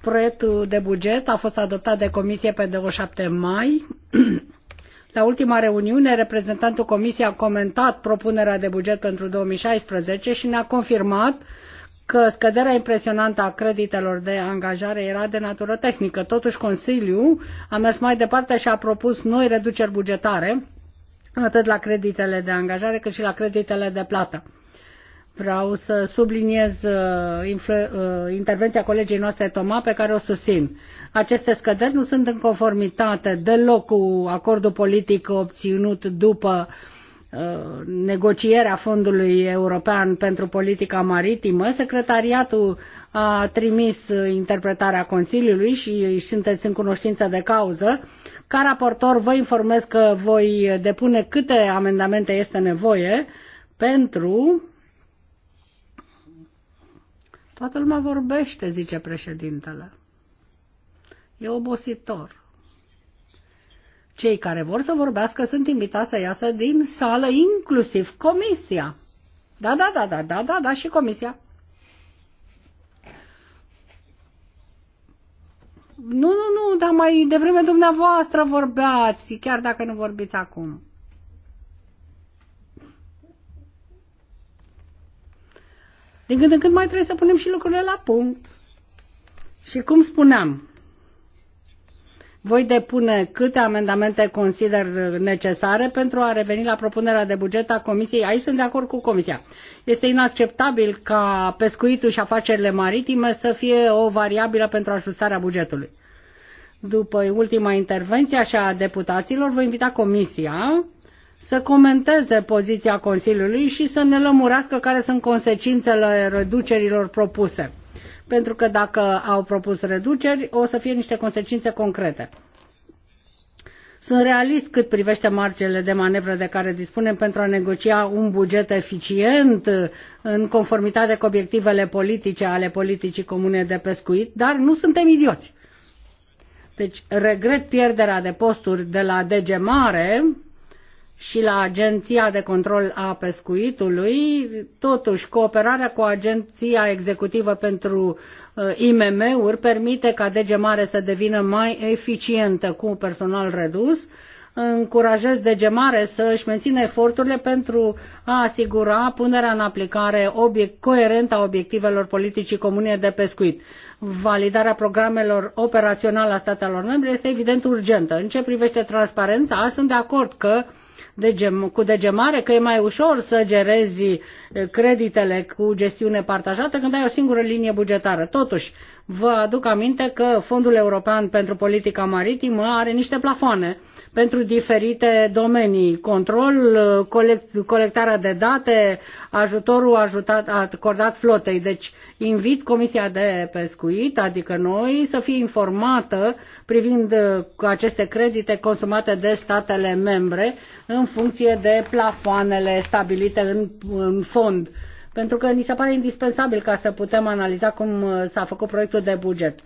Proiectul de buget a fost adoptat de comisie pe 27 mai. [CLEARS THROAT] La ultima reuniune, reprezentantul comisiei a comentat propunerea de buget pentru 2016 și ne-a confirmat că scăderea impresionantă a creditelor de angajare era de natură tehnică. Totuși Consiliul a mers mai departe și a propus noi reduceri bugetare, atât la creditele de angajare cât și la creditele de plată. Vreau să subliniez uh, uh, intervenția colegii noastre Toma, pe care o susțin. Aceste scăderi nu sunt în conformitate deloc cu acordul politic obținut după uh, Uh, negocierea Fondului European pentru Politica Maritimă, secretariatul a trimis interpretarea Consiliului și sunteți în cunoștință de cauză. Ca raportor vă informez că voi depune câte amendamente este nevoie pentru... Toată lumea vorbește, zice președintele. E obositor. Cei care vor să vorbească sunt invitați să iasă din sală, inclusiv comisia. Da, da, da, da, da, da, da, și comisia. Nu, nu, nu, dar mai devreme dumneavoastră vorbeați, chiar dacă nu vorbiți acum. Din când în când mai trebuie să punem și lucrurile la punct. Și cum spuneam, voi depune câte amendamente consider necesare pentru a reveni la propunerea de buget a Comisiei. Aici sunt de acord cu Comisia. Este inacceptabil ca pescuitul și afacerile maritime să fie o variabilă pentru ajustarea bugetului. După ultima intervenție așa a deputaților, voi invita Comisia să comenteze poziția Consiliului și să ne lămurească care sunt consecințele reducerilor propuse pentru că dacă au propus reduceri, o să fie niște consecințe concrete. Sunt realist cât privește margele de manevră de care dispunem pentru a negocia un buget eficient în conformitate cu obiectivele politice ale politicii comune de pescuit, dar nu suntem idioți. Deci regret pierderea de posturi de la DG Mare, și la Agenția de Control a Pescuitului, totuși cooperarea cu Agenția Executivă pentru uh, IMM-uri permite ca DG Mare să devină mai eficientă cu personal redus, încurajez DG Mare să își mențină eforturile pentru a asigura punerea în aplicare obiect, coerentă a obiectivelor politicii comune de pescuit. Validarea programelor operaționale a statelor membre este evident urgentă. În ce privește transparența, sunt de acord că uh, degem, cu degemare, că e mai ușor să gerezi creditele cu gestiune partajată când ai o singură linie bugetară. Totuși, vă aduc aminte că Fondul European pentru Politica Maritimă are niște plafoane pentru diferite domenii, control, colectarea de date, ajutorul ajutat, acordat flotei. Deci invit Comisia de Pescuit, adică noi, să fie informată privind uh, aceste credite consumate de statele membre în funcție de plafoanele stabilite în, în fond fond, pentru că ni se pare indispensabil ca să putem analiza cum uh, s-a făcut proiectul de buget.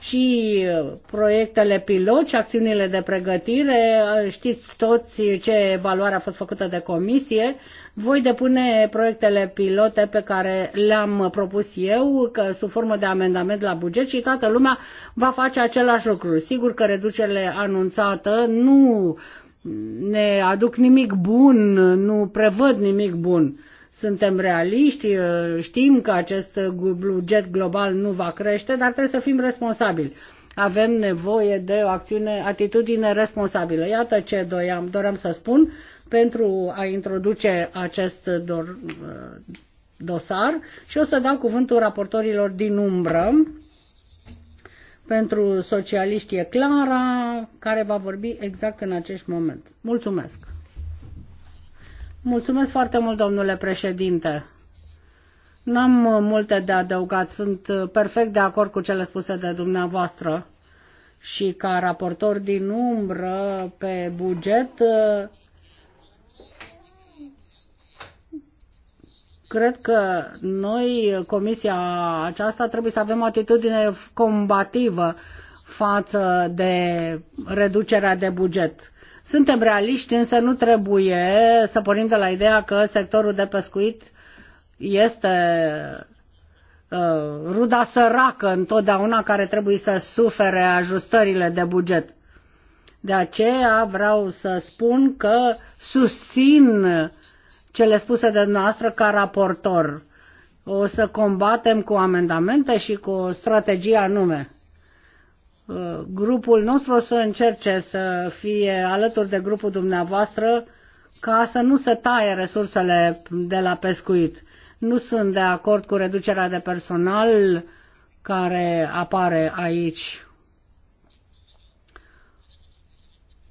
Și uh, proiectele pilot și acțiunile de pregătire, uh, știți toți ce evaluare a fost făcută de comisie, voi depune proiectele pilote pe care le-am propus eu că sub formă de amendament la buget și toată lumea va face același lucru. Sigur că reducerile anunțată nu ne aduc nimic bun, nu prevăd nimic bun suntem realiști, uh, știm că acest buget global nu va crește, dar trebuie să fim responsabili. Avem nevoie de o acțiune, atitudine responsabilă. Iată ce doream, doream să spun pentru a introduce acest dor, uh, dosar și o să dau cuvântul raportorilor din umbră. Pentru socialiștie Clara, care va vorbi exact în acest moment. Mulțumesc! Mulțumesc foarte mult, domnule președinte. N-am multe de adăugat. Sunt perfect de acord cu cele spuse de dumneavoastră și ca raportor din umbră pe buget cred că noi, comisia aceasta, trebuie să avem o atitudine combativă față de reducerea de buget. Suntem realiști, însă nu trebuie să pornim de la ideea că sectorul de pescuit este uh, ruda săracă întotdeauna care trebuie să sufere ajustările de buget. De aceea vreau să spun că susțin cele spuse de noastră ca raportor. O să combatem cu amendamente și cu o strategie anume grupul nostru o să încerce să fie alături de grupul dumneavoastră ca să nu se taie resursele de la pescuit. Nu sunt de acord cu reducerea de personal care apare aici.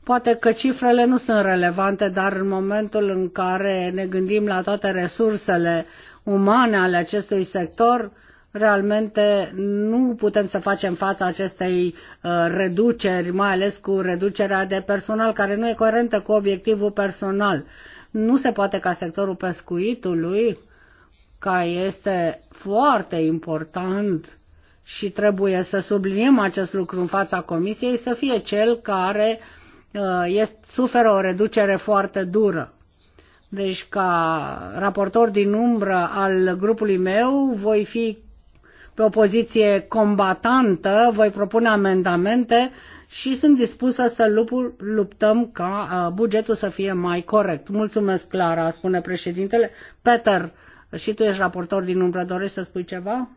Poate că cifrele nu sunt relevante, dar în momentul în care ne gândim la toate resursele umane ale acestui sector, realmente nu putem să facem față acestei uh, reduceri, mai ales cu reducerea de personal, care nu e coerentă cu obiectivul personal. Nu se poate ca sectorul pescuitului, care este foarte important și trebuie să subliniem acest lucru în fața Comisiei, să fie cel care uh, este, suferă o reducere foarte dură. Deci, ca raportor din umbră al grupului meu, voi fi pe o poziție combatantă, voi propune amendamente și sunt dispusă să luptăm ca uh, bugetul să fie mai corect. Mulțumesc, Clara, spune președintele. Peter, și tu ești raportor din umbră, dorești să spui ceva?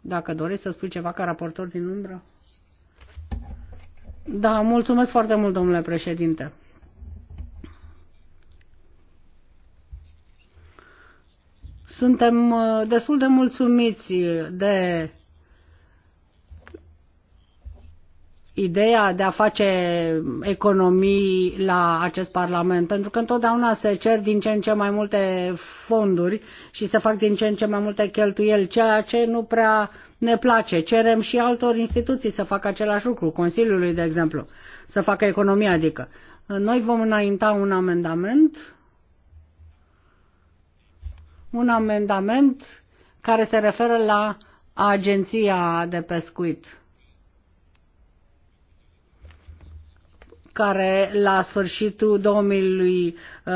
Dacă dorești să spui ceva ca raportor din umbră? Da, mulțumesc foarte mult, domnule președinte. Suntem uh, destul de mulțumiți de ideea de a face economii la acest Parlament, pentru că întotdeauna se cer din ce în ce mai multe fonduri și se fac din ce în ce mai multe cheltuieli, ceea ce nu prea ne place. Cerem și altor instituții să facă același lucru, Consiliului, de exemplu, să facă economia, adică. Noi vom înainta un amendament un amendament care se referă la agenția de pescuit. care la sfârșitul 2000, uh,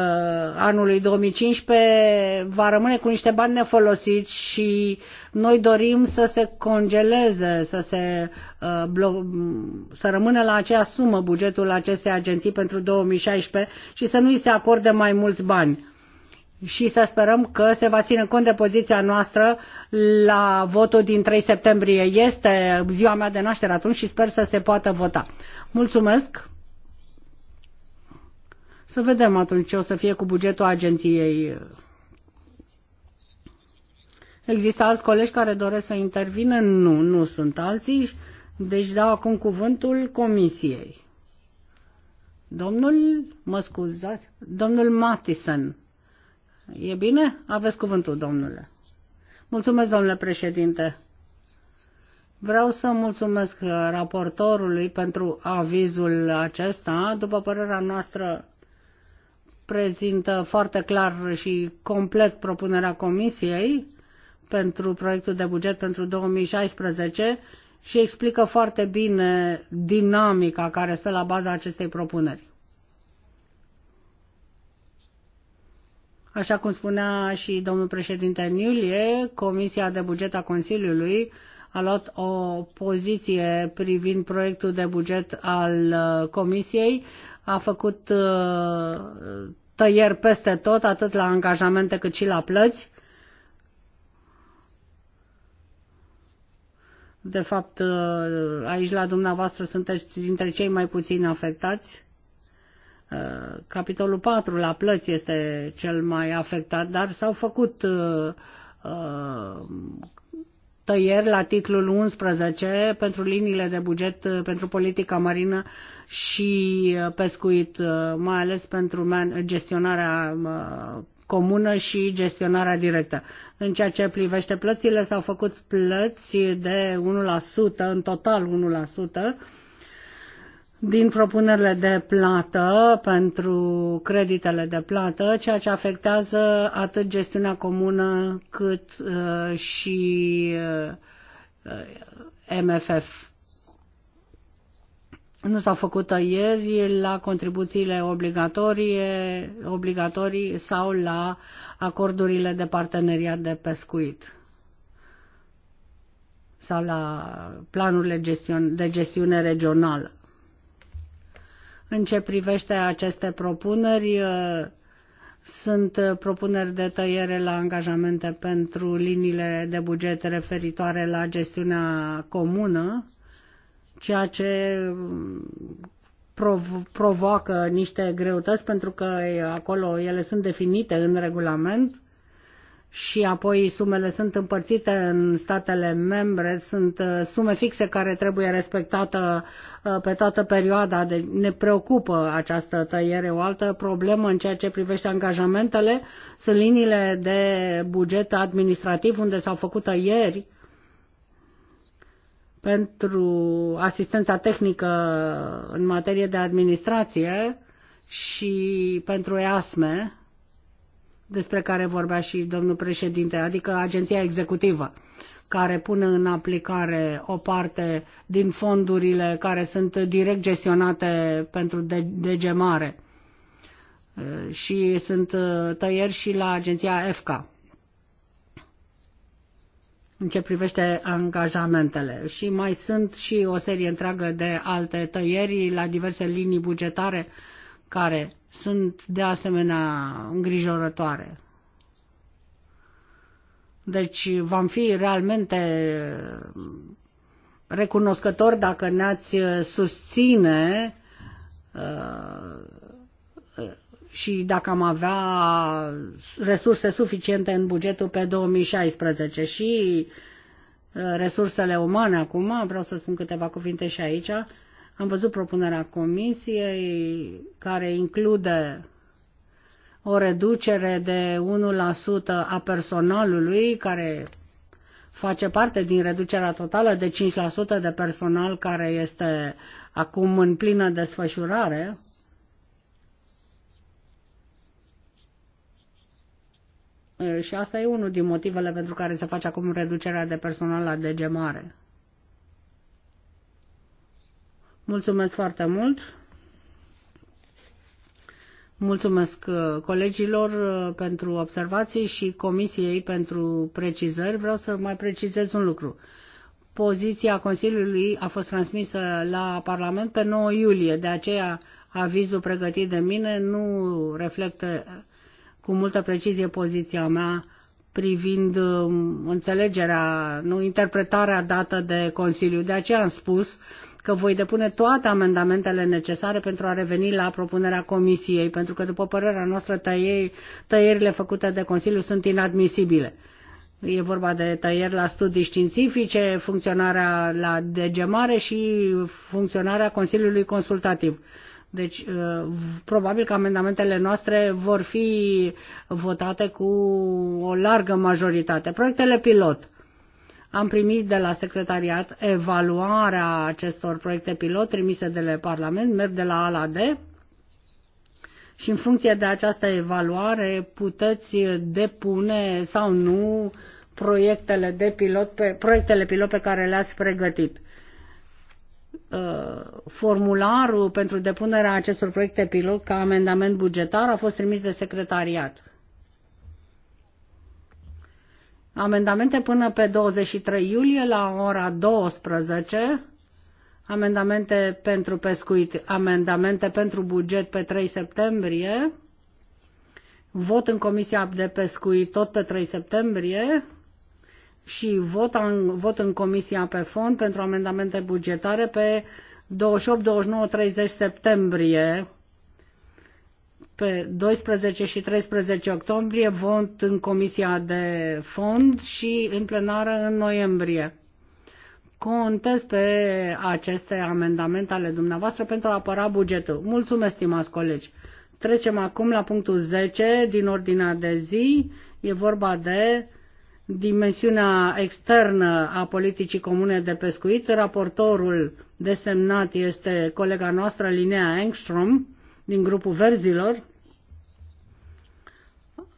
anului 2015 va rămâne cu niște bani nefolosiți și noi dorim să se congeleze, să, se, uh, să rămână la acea sumă bugetul acestei agenții pentru 2016 și să nu îi se acorde mai mulți bani și să sperăm că se va ține cont de poziția noastră la votul din 3 septembrie. Este ziua mea de naștere atunci și sper să se poată vota. Mulțumesc! Să vedem atunci ce o să fie cu bugetul agenției. Există alți colegi care doresc să intervină? Nu, nu sunt alții. Deci dau acum cuvântul comisiei. Domnul, mă scuzați, domnul Matison. E bine? Aveți cuvântul, domnule. Mulțumesc, domnule președinte. Vreau să mulțumesc uh, raportorului pentru avizul acesta. După părerea noastră, prezintă foarte clar și complet propunerea Comisiei pentru proiectul de buget pentru 2016 și explică foarte bine dinamica care stă la baza acestei propuneri. Așa cum spunea și domnul președinte în iulie, Comisia de Buget a Consiliului a luat o poziție privind proiectul de buget al uh, Comisiei, a făcut uh, tăieri peste tot, atât la angajamente cât și la plăți. De fapt, uh, aici la dumneavoastră sunteți dintre cei mai puțini afectați. Uh, capitolul 4 la plăți este cel mai afectat, dar s-au făcut uh, uh, tăieri la titlul 11 pentru liniile de buget pentru politica marină și pescuit, mai ales pentru gestionarea comună și gestionarea directă. În ceea ce privește plățile, s-au făcut plăți de 1%, în total 1%, din propunerile de plată pentru creditele de plată, ceea ce afectează atât gestiunea comună cât uh, și uh, MFF. Nu s au făcut ieri la contribuțiile obligatorie, obligatorii sau la acordurile de parteneriat de pescuit sau la planurile de gestiune regională. În ce privește aceste propuneri, uh, sunt uh, propuneri de tăiere la angajamente pentru liniile de buget referitoare la gestiunea comună, ceea ce um, provoacă niște greutăți pentru că acolo ele sunt definite în regulament și apoi sumele sunt împărțite în statele membre, sunt uh, sume fixe care trebuie respectată uh, pe toată perioada, De, deci ne preocupă această tăiere. O altă problemă în ceea ce privește angajamentele sunt liniile de buget administrativ unde s-au făcut ieri pentru asistența tehnică în materie de administrație și pentru EASME, despre care vorbea și domnul președinte, adică agenția executivă care pune în aplicare o parte din fondurile care sunt direct gestionate pentru DG Mare și sunt tăieri și la agenția FK în ce privește angajamentele. Și mai sunt și o serie întreagă de alte tăieri la diverse linii bugetare care sunt de asemenea îngrijorătoare. Deci vom fi realmente recunoscători dacă ne-ați susține uh, și dacă am avea resurse suficiente în bugetul pe 2016 și uh, resursele umane acum, vreau să spun câteva cuvinte și aici, am văzut propunerea comisiei care include o reducere de 1% a personalului care face parte din reducerea totală de 5% de personal care este acum în plină desfășurare. Și asta e unul din motivele pentru care se face acum reducerea de personal la DG Mare. Mulțumesc foarte mult. Mulțumesc uh, colegilor uh, pentru observații și comisiei pentru precizări. Vreau să mai precizez un lucru. Poziția Consiliului a fost transmisă la Parlament pe 9 iulie, de aceea avizul pregătit de mine nu reflectă cu multă precizie poziția mea privind um, înțelegerea, nu interpretarea dată de Consiliu. De aceea am spus că voi depune toate amendamentele necesare pentru a reveni la propunerea Comisiei, pentru că, după părerea noastră, tăieri, tăierile făcute de Consiliu sunt inadmisibile. E vorba de tăieri la studii științifice, funcționarea la degemare și funcționarea Consiliului Consultativ. Deci, uh, probabil că amendamentele noastre vor fi votate cu o largă majoritate. Proiectele pilot am primit de la secretariat evaluarea acestor proiecte pilot trimise de Parlament, merg de la A la D și în funcție de această evaluare puteți depune sau nu proiectele, de pilot pe, proiectele pilot pe care le-ați pregătit. Uh, formularul pentru depunerea acestor proiecte pilot ca amendament bugetar a fost trimis de secretariat. Amendamente până pe 23 iulie la ora 12. Amendamente pentru pescuit, amendamente pentru buget pe 3 septembrie. Vot în Comisia de Pescuit tot pe 3 septembrie și vot în, vot în Comisia pe fond pentru amendamente bugetare pe 28, 29, 30 septembrie pe 12 și 13 octombrie, vot în Comisia de Fond și în plenară în noiembrie. Contez pe aceste amendamente ale dumneavoastră pentru a apăra bugetul. Mulțumesc, stimați colegi! Trecem acum la punctul 10 din ordinea de zi. E vorba de dimensiunea externă a politicii comune de pescuit. Raportorul desemnat este colega noastră Linea Engstrom din grupul verzilor.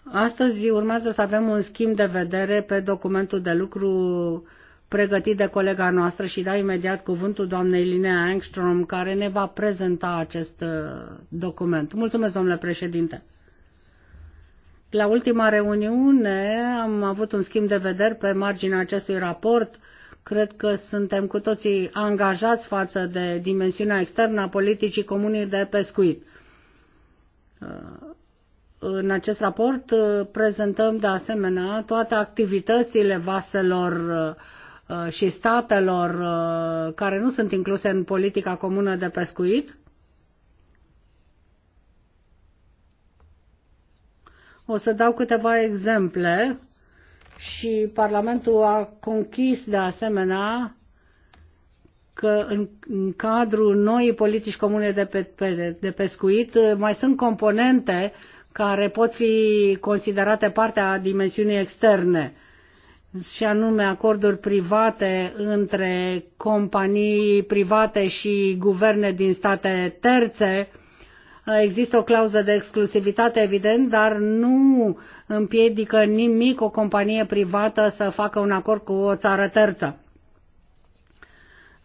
Astăzi urmează să avem un schimb de vedere pe documentul de lucru pregătit de colega noastră și dau imediat cuvântul doamnei Linea Engstrom, care ne va prezenta acest uh, document. Mulțumesc, domnule președinte! La ultima reuniune am avut un schimb de vedere pe marginea acestui raport. Cred că suntem cu toții angajați față de dimensiunea externă a politicii comunii de pescuit. Uh, în acest raport uh, prezentăm de asemenea toate activitățile vaselor uh, și statelor care nu sunt incluse în politica comună de pescuit. O să dau câteva exemple și Parlamentul a conchis de asemenea că în, în cadrul noii politici comune de, pe, pe, de pescuit uh, mai sunt componente care pot fi considerate parte a dimensiunii externe și anume acorduri private între companii private și guverne din state terțe. Există o clauză de exclusivitate, evident, dar nu împiedică nimic o companie privată să facă un acord cu o țară terță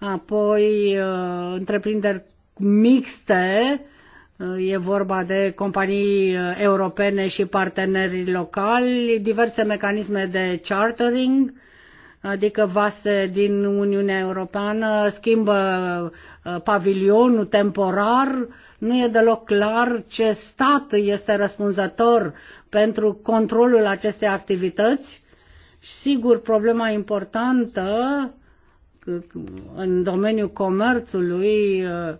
apoi uh, întreprinderi mixte, uh, e vorba de companii uh, europene și parteneri locali, diverse mecanisme de chartering, adică vase din Uniunea Europeană schimbă pavilionul temporar, nu e deloc clar ce stat este răspunzător pentru controlul acestei activități. Sigur, problema importantă în domeniul comerțului uh,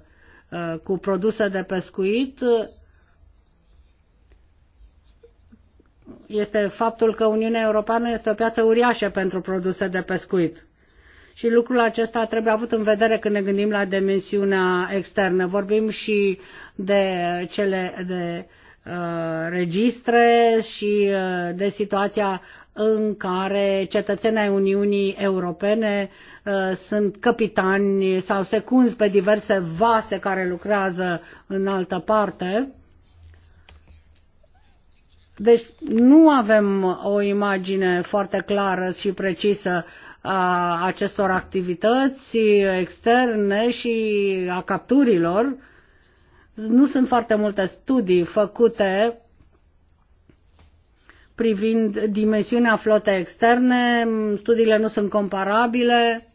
uh, cu produse de pescuit este faptul că Uniunea Europeană este o piață uriașă pentru produse de pescuit. Și lucrul acesta trebuie avut în vedere când ne gândim la dimensiunea externă. Vorbim și de cele de uh, registre și uh, de situația în care cetățenii Uniunii Europene uh, sunt capitani sau secunzi pe diverse vase care lucrează în altă parte. Deci nu avem o imagine foarte clară și precisă a acestor activități externe și a capturilor. Nu sunt foarte multe studii făcute privind dimensiunea flotei externe, studiile nu sunt comparabile,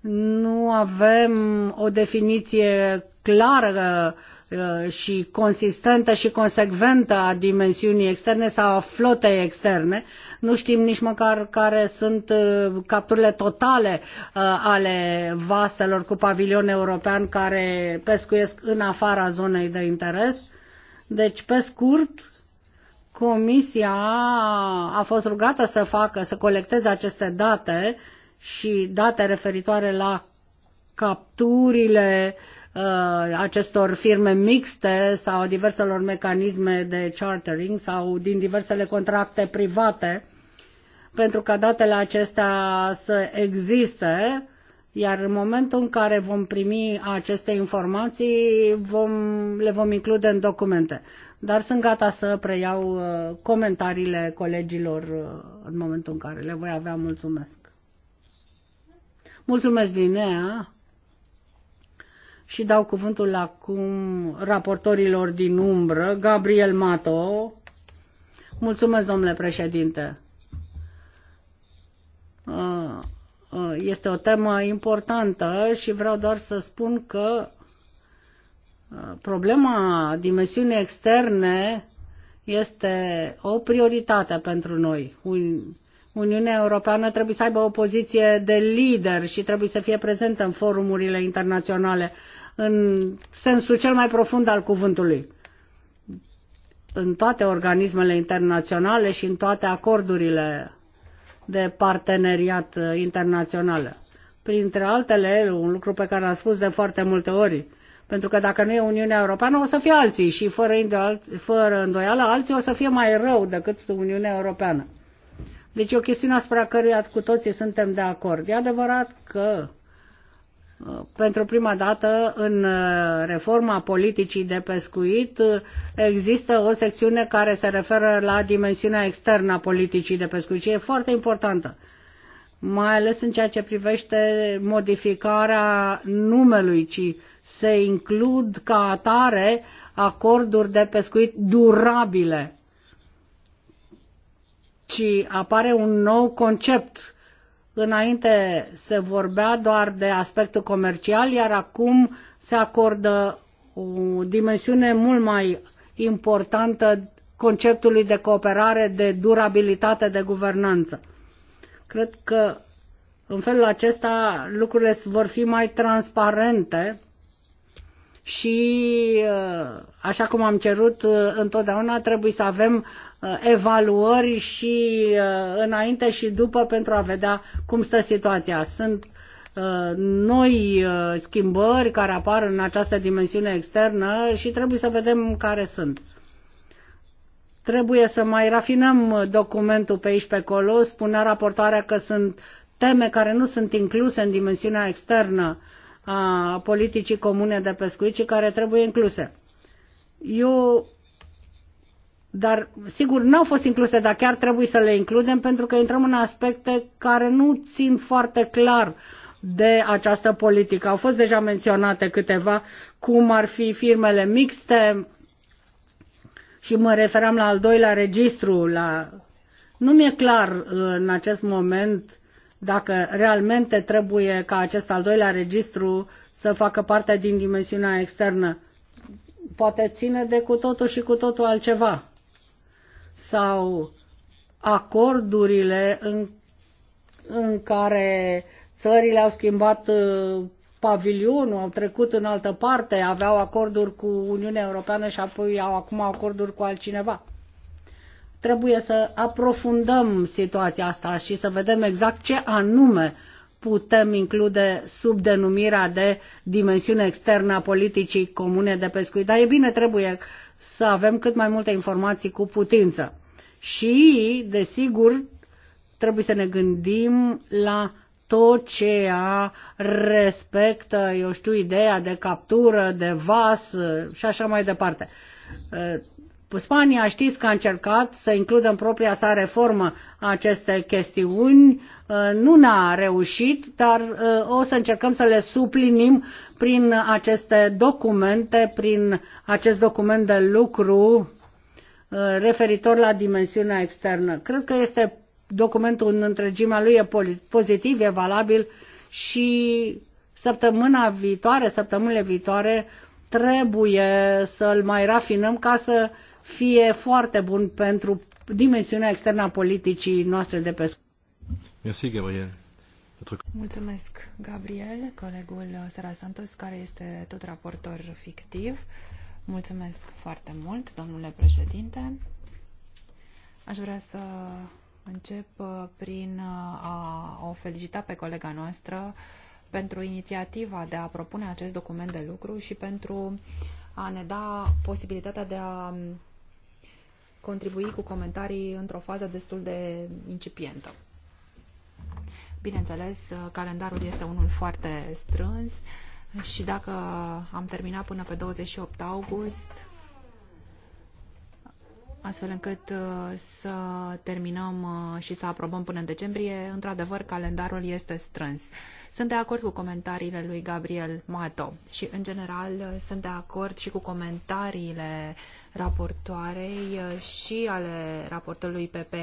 nu avem o definiție clară uh, și consistentă și consecventă a dimensiunii externe sau a flotei externe. Nu știm nici măcar care sunt uh, capturile totale uh, ale vaselor cu pavilion european care pescuiesc în afara zonei de interes. Deci, pe scurt, Comisia a fost rugată să facă, să colecteze aceste date și date referitoare la capturile uh, acestor firme mixte sau diverselor mecanisme de chartering sau din diversele contracte private pentru ca datele acestea să existe iar în momentul în care vom primi aceste informații, vom, le vom include în documente. Dar sunt gata să preiau uh, comentariile colegilor uh, în momentul în care le voi avea. Mulțumesc! Mulțumesc, Linea! Și dau cuvântul acum raportorilor din umbră, Gabriel Mato. Mulțumesc, domnule președinte! Uh, Uh, este o temă importantă și vreau doar să spun că uh, problema dimensiunii externe este o prioritate pentru noi. Uniunea Europeană trebuie să aibă o poziție de lider și trebuie să fie prezentă în forumurile internaționale în sensul cel mai profund al cuvântului. În toate organismele internaționale și în toate acordurile de parteneriat uh, internațională. Printre altele, un lucru pe care l-am spus de foarte multe ori, pentru că dacă nu e Uniunea Europeană, o să fie alții și fără, fără îndoială, alții o să fie mai rău decât Uniunea Europeană. Deci e o chestiune asupra căruia cu toții suntem de acord. E adevărat că Uh, pentru prima dată în uh, reforma politicii de pescuit uh, există o secțiune care se referă la dimensiunea externă a politicii de pescuit și e foarte importantă, mai ales în ceea ce privește modificarea numelui, ci se includ ca atare acorduri de pescuit durabile, ci apare un nou concept Înainte se vorbea doar de aspectul comercial, iar acum se acordă o dimensiune mult mai importantă conceptului de cooperare, de durabilitate, de guvernanță. Cred că în felul acesta lucrurile vor fi mai transparente și, așa cum am cerut întotdeauna, trebuie să avem Uh, evaluări și uh, înainte și după pentru a vedea cum stă situația. Sunt uh, noi schimbări care apar în această dimensiune externă și trebuie să vedem care sunt. Trebuie să mai rafinăm documentul pe aici pe acolo. Spunea raportoarea că sunt teme care nu sunt incluse în dimensiunea externă a politicii comune de pescuit și care trebuie incluse. Eu dar sigur nu au fost incluse, dar chiar trebuie să le includem pentru că intrăm în aspecte care nu țin foarte clar de această politică. Au fost deja menționate câteva, cum ar fi firmele mixte și mă referam la al doilea registru. La... Nu mi-e clar în acest moment dacă realmente trebuie ca acest al doilea registru să facă parte din dimensiunea externă. Poate ține de cu totul și cu totul altceva sau acordurile în, în care țările au schimbat uh, pavilionul, au trecut în altă parte, aveau acorduri cu Uniunea Europeană și apoi au acum acorduri cu altcineva. Trebuie să aprofundăm situația asta și să vedem exact ce anume putem include sub denumirea de dimensiune externă a politicii comune de pescuit. Dar e bine, trebuie să avem cât mai multe informații cu putință și, desigur, trebuie să ne gândim la tot a respectă, eu știu, ideea de captură, de vas uh, și așa mai departe. Uh, Spania știți că a încercat să includă în propria sa reformă aceste chestiuni, uh, nu ne-a reușit, dar o să încercăm să le suplinim prin aceste documente, prin acest document de lucru Uh, referitor la dimensiunea externă. Cred că este documentul în întregimea lui e pozitiv, e valabil și săptămâna viitoare, săptămânile viitoare, trebuie să-l mai rafinăm ca să fie foarte bun pentru dimensiunea externă a politicii noastre de pe. Mersi, Gabriel. Mulțumesc, Gabriel, colegul Sara Santos, care este tot raportor fictiv. Mulțumesc foarte mult, domnule președinte. Aș vrea să încep uh, prin uh, a o felicita pe colega noastră pentru inițiativa de a propune acest document de lucru și pentru a ne da posibilitatea de a um, contribui cu comentarii într-o fază destul de incipientă. Bineînțeles, uh, calendarul este unul foarte strâns și dacă am terminat până pe 28 august, astfel încât uh, să terminăm uh, și să aprobăm până în decembrie, într-adevăr, calendarul este strâns. Sunt de acord cu comentariile lui Gabriel Mato și, în general, uh, sunt de acord și cu comentariile raportoarei și ale raportului PP.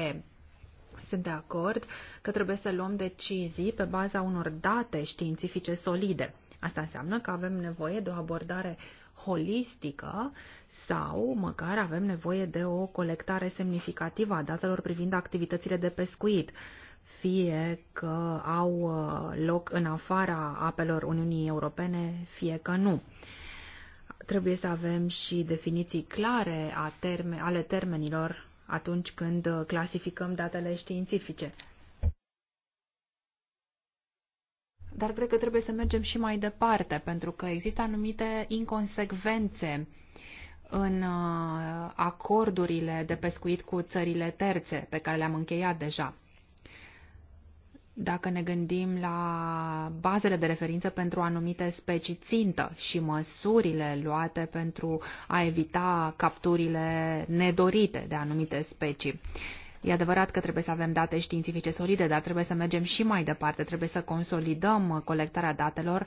sunt de acord că trebuie să luăm decizii pe baza unor date științifice solide. Asta înseamnă că avem nevoie de o abordare holistică sau măcar avem nevoie de o colectare semnificativă a datelor privind activitățile de pescuit, fie că au uh, loc în afara apelor Uniunii Europene, fie că nu. Trebuie să avem și definiții clare a terme, ale termenilor atunci când uh, clasificăm datele științifice. Dar cred că trebuie să mergem și mai departe, pentru că există anumite inconsecvențe în uh, acordurile de pescuit cu țările terțe pe care le-am încheiat deja. Dacă ne gândim la bazele de referință pentru anumite specii țintă și măsurile luate pentru a evita capturile nedorite de anumite specii. E adevărat că trebuie să avem date științifice solide, dar trebuie să mergem și mai departe, trebuie să consolidăm colectarea datelor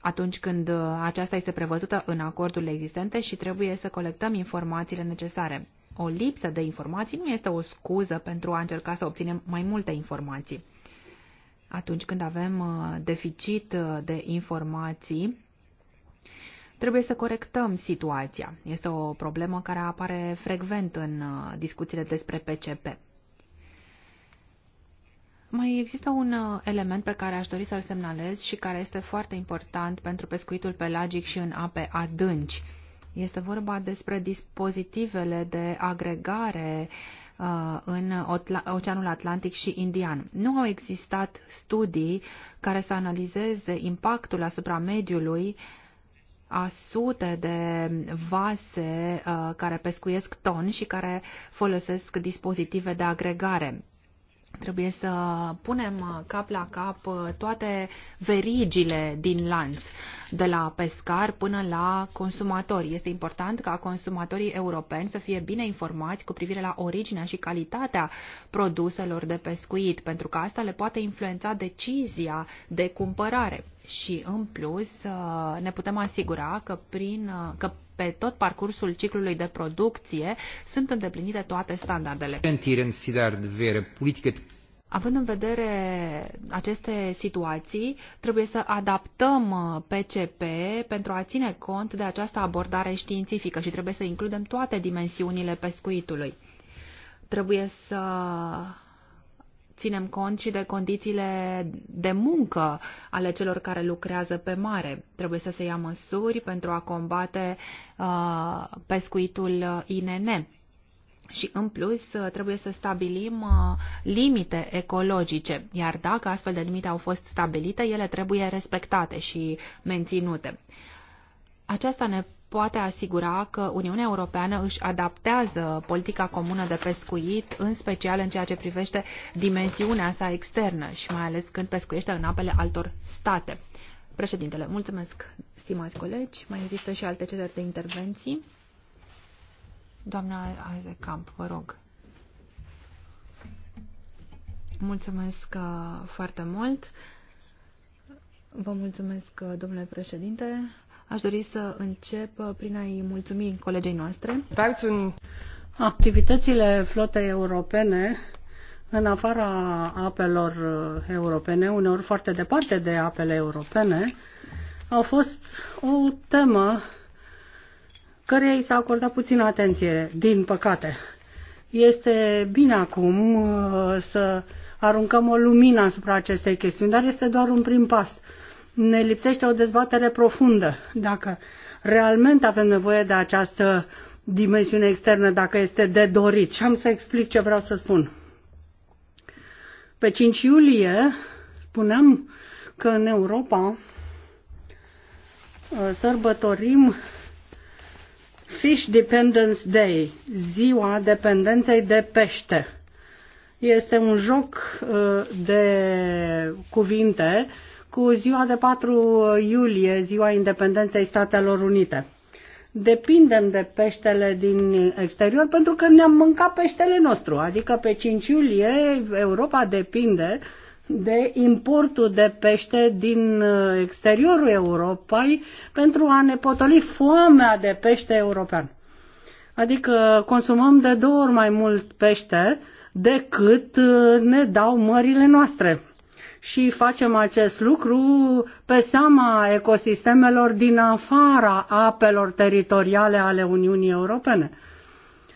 atunci când aceasta este prevăzută în acordurile existente și trebuie să colectăm informațiile necesare. O lipsă de informații nu este o scuză pentru a încerca să obținem mai multe informații. Atunci când avem uh, deficit uh, de informații, Trebuie să corectăm situația. Este o problemă care apare frecvent în uh, discuțiile despre PCP. Mai există un uh, element pe care aș dori să-l semnalez și care este foarte important pentru pescuitul pelagic și în ape adânci. Este vorba despre dispozitivele de agregare uh, în Oceanul Atlantic și Indian. Nu au existat studii care să analizeze impactul asupra mediului uh, a sute de vase uh, care pescuiesc ton și care folosesc dispozitive de agregare. Trebuie să punem cap la cap uh, toate verigile din lanț, de la pescar până la consumatori. Este important ca consumatorii europeni să fie bine informați cu privire la originea și calitatea produselor de pescuit, pentru că asta le poate influența decizia de cumpărare. Și, în plus, uh, ne putem asigura că, prin, uh, că pe tot parcursul ciclului de producție sunt îndeplinite toate standardele. Având în vedere aceste situații, trebuie să adaptăm PCP uh, pentru a ține cont de această abordare științifică și trebuie să includem toate dimensiunile pescuitului. Trebuie să ținem cont și de condițiile de muncă ale celor care lucrează pe mare. Trebuie să se ia măsuri pentru a combate uh, pescuitul INN. Și în plus uh, trebuie să stabilim uh, limite ecologice, iar dacă astfel de limite au fost stabilite, ele trebuie respectate și menținute. Aceasta ne poate asigura că Uniunea Europeană își adaptează politica comună de pescuit, în special în ceea ce privește dimensiunea sa externă și mai ales când pescuiește în apele altor state. Președintele, mulțumesc, stimați colegi. Mai există și alte cereri de intervenții. Doamna Azecamp, vă rog. Mulțumesc uh, foarte mult. Vă mulțumesc, uh, domnule președinte. Aș dori să încep uh, prin a-i mulțumi colegei noastre. Activitățile flotei europene în afara apelor uh, europene, uneori foarte departe de apele europene, au fost o temă care i s-a acordat puțină atenție, din păcate. Este bine acum uh, să aruncăm o lumină asupra acestei chestiuni, dar este doar un prim pas ne lipsește o dezbatere profundă dacă realmente avem nevoie de această dimensiune externă, dacă este de dorit. Și am să explic ce vreau să spun. Pe 5 iulie spuneam că în Europa uh, sărbătorim Fish Dependence Day, ziua dependenței de pește. Este un joc uh, de cuvinte cu ziua de 4 iulie, ziua independenței Statelor Unite. Depindem de peștele din exterior pentru că ne-am mâncat peștele nostru, adică pe 5 iulie Europa depinde de importul de pește din uh, exteriorul Europei pentru a ne potoli foamea de pește european. Adică consumăm de două ori mai mult pește decât uh, ne dau mările noastre și facem acest lucru pe seama ecosistemelor din afara apelor teritoriale ale Uniunii Europene.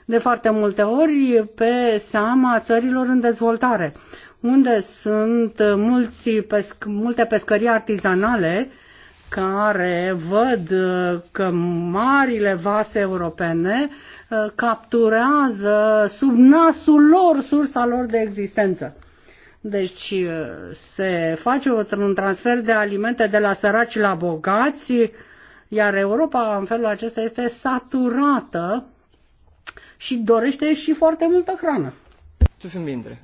De foarte multe ori pe seama țărilor în dezvoltare, unde sunt mulți pesc- multe pescării artizanale care văd că marile vase europene eh, capturează sub nasul lor sursa lor de existență. Deci uh, se face un transfer de alimente de la săraci la bogați, iar Europa în felul acesta este saturată și dorește și foarte multă hrană. Să fim mindre,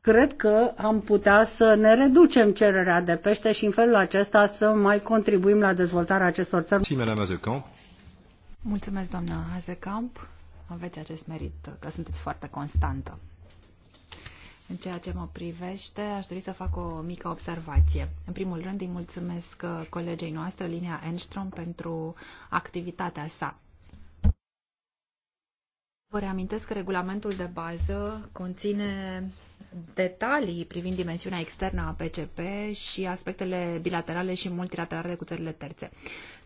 Cred că am putea să ne reducem cererea de pește și în felul acesta să mai contribuim la dezvoltarea acestor țări. Mulțumesc, doamna Hazekamp. Aveți acest merit că sunteți foarte constantă. În ceea ce mă privește, aș dori să fac o mică observație. În primul rând, îi mulțumesc uh, colegei noastre, Linia Enstrom, pentru activitatea sa. Vă reamintesc că regulamentul de bază conține detalii privind dimensiunea externă a PCP și aspectele bilaterale și multilaterale cu țările terțe.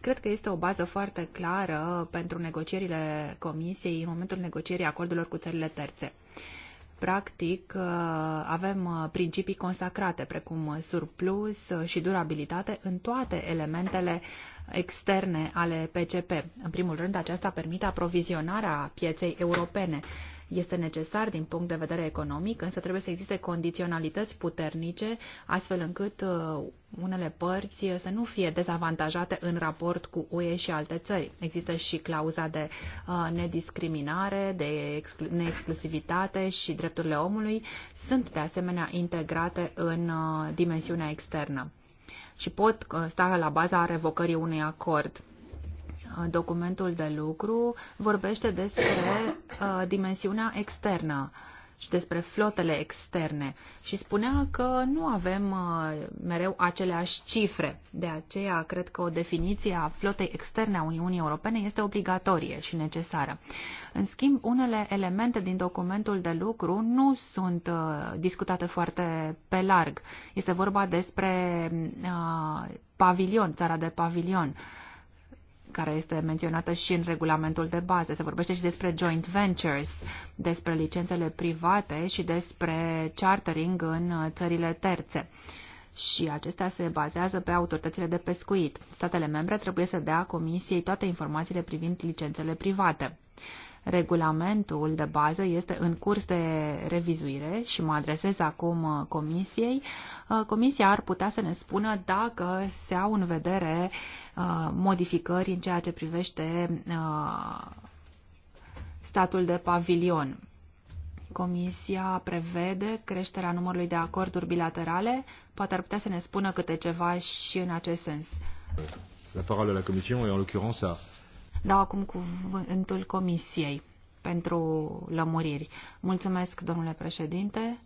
Cred că este o bază foarte clară pentru negocierile Comisiei în momentul negocierii acordurilor cu țările terțe practic, uh, avem uh, principii consacrate, precum surplus uh, și durabilitate, în toate elementele externe ale PCP. În primul rând, aceasta permite aprovizionarea pieței europene. Este necesar din punct de vedere economic, însă trebuie să existe condiționalități puternice, astfel încât uh, unele părți să nu fie dezavantajate în raport cu UE și alte țări. Există și clauza de uh, nediscriminare, de neexclusivitate și drepturile omului sunt de asemenea integrate în uh, dimensiunea externă și pot uh, sta la baza revocării unui acord. Uh, documentul de lucru vorbește despre uh, dimensiunea externă și despre flotele externe și spunea că nu avem uh, mereu aceleași cifre. De aceea, cred că o definiție a flotei externe a Uniunii Europene este obligatorie și necesară. În schimb, unele elemente din documentul de lucru nu sunt uh, discutate foarte pe larg. Este vorba despre uh, pavilion, țara de pavilion care este menționată și în regulamentul de bază. Se vorbește și despre joint ventures, despre licențele private și despre chartering în țările terțe și acestea se bazează pe autoritățile de pescuit. Statele membre trebuie să dea Comisiei toate informațiile privind licențele private. Regulamentul de bază este în curs de revizuire și mă adresez acum uh, Comisiei. Uh, comisia ar putea să ne spună dacă se au în vedere uh, modificări în ceea ce privește statul de pavilion. Comisia prevede creșterea numărului de acorduri bilaterale. Poate ar putea să ne spună câte ceva și în acest sens. La parole la Comisie, în en l'occurrence Dau acum cuvântul Comisiei pentru lămuriri. Mulțumesc, domnule președinte.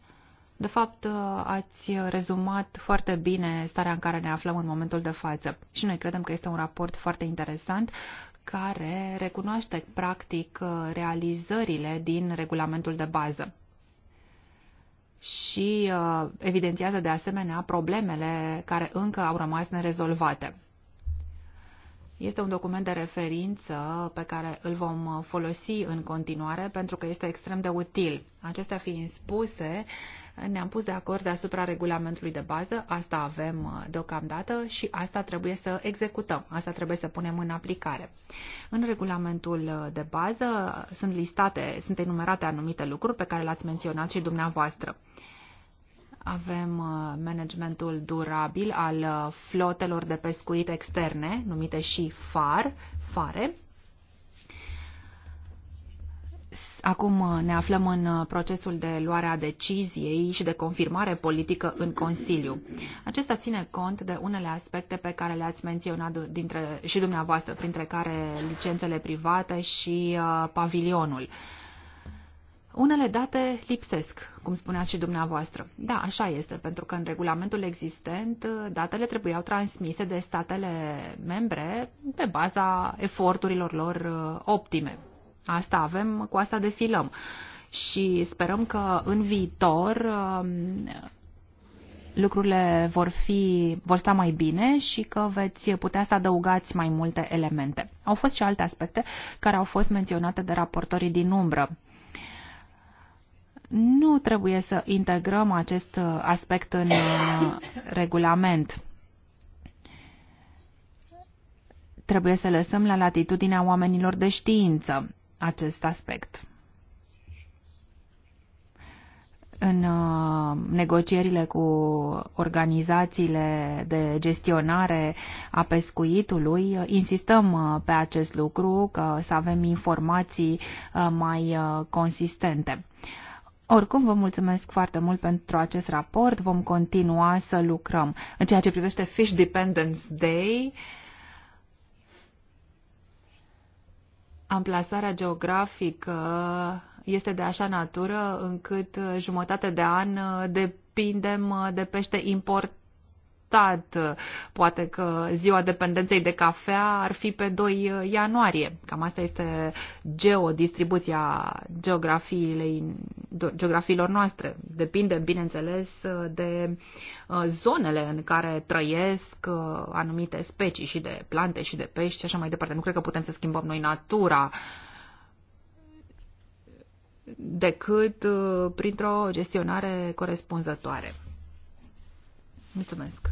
De fapt, ați rezumat foarte bine starea în care ne aflăm în momentul de față și noi credem că este un raport foarte interesant care recunoaște practic realizările din regulamentul de bază și uh, evidențiază de asemenea problemele care încă au rămas nerezolvate. Este un document de referință pe care îl vom folosi în continuare pentru că este extrem de util. Acestea fiind spuse, ne-am pus de acord asupra regulamentului de bază, asta avem deocamdată și asta trebuie să executăm, asta trebuie să punem în aplicare. În regulamentul de bază sunt listate, sunt enumerate anumite lucruri pe care le-ați menționat și dumneavoastră. Avem uh, managementul durabil al uh, flotelor de pescuit externe, numite și FAR, FARE. Acum uh, ne aflăm în procesul de luare a deciziei și de confirmare politică în Consiliu. Acesta ține cont de unele aspecte pe care le-ați menționat dintre, și dumneavoastră, printre care licențele private și uh, pavilionul. Uh, unele date lipsesc, cum spuneați și dumneavoastră. Da, așa este, pentru că în regulamentul existent uh, datele trebuiau transmise de statele membre pe baza eforturilor lor uh, optime. Asta avem, cu asta defilăm. Și sperăm că în viitor um, lucrurile vor, fi, vor sta mai bine și că veți putea să adăugați mai multe elemente. Au fost și alte aspecte care au fost menționate de raportorii din umbră nu trebuie să integrăm acest uh, aspect în uh, regulament. Trebuie să lăsăm la latitudinea oamenilor de știință acest aspect. În uh, negocierile cu organizațiile de gestionare a pescuitului, insistăm pe acest lucru, că să avem informații mai consistente. Oricum, vă mulțumesc foarte mult pentru acest raport. Vom continua să lucrăm. În ceea ce privește Fish Dependence Day, amplasarea geografică este de așa natură încât jumătate de an depindem de pește import stat. Poate că ziua dependenței de cafea ar fi pe 2 ianuarie. Cam asta este geodistribuția geografiilor noastre. Depinde, bineînțeles, de uh, zonele în care trăiesc uh, anumite specii și de plante și de pești și așa mai departe. Nu cred că putem să schimbăm noi natura decât uh, printr-o gestionare corespunzătoare. Mulțumesc!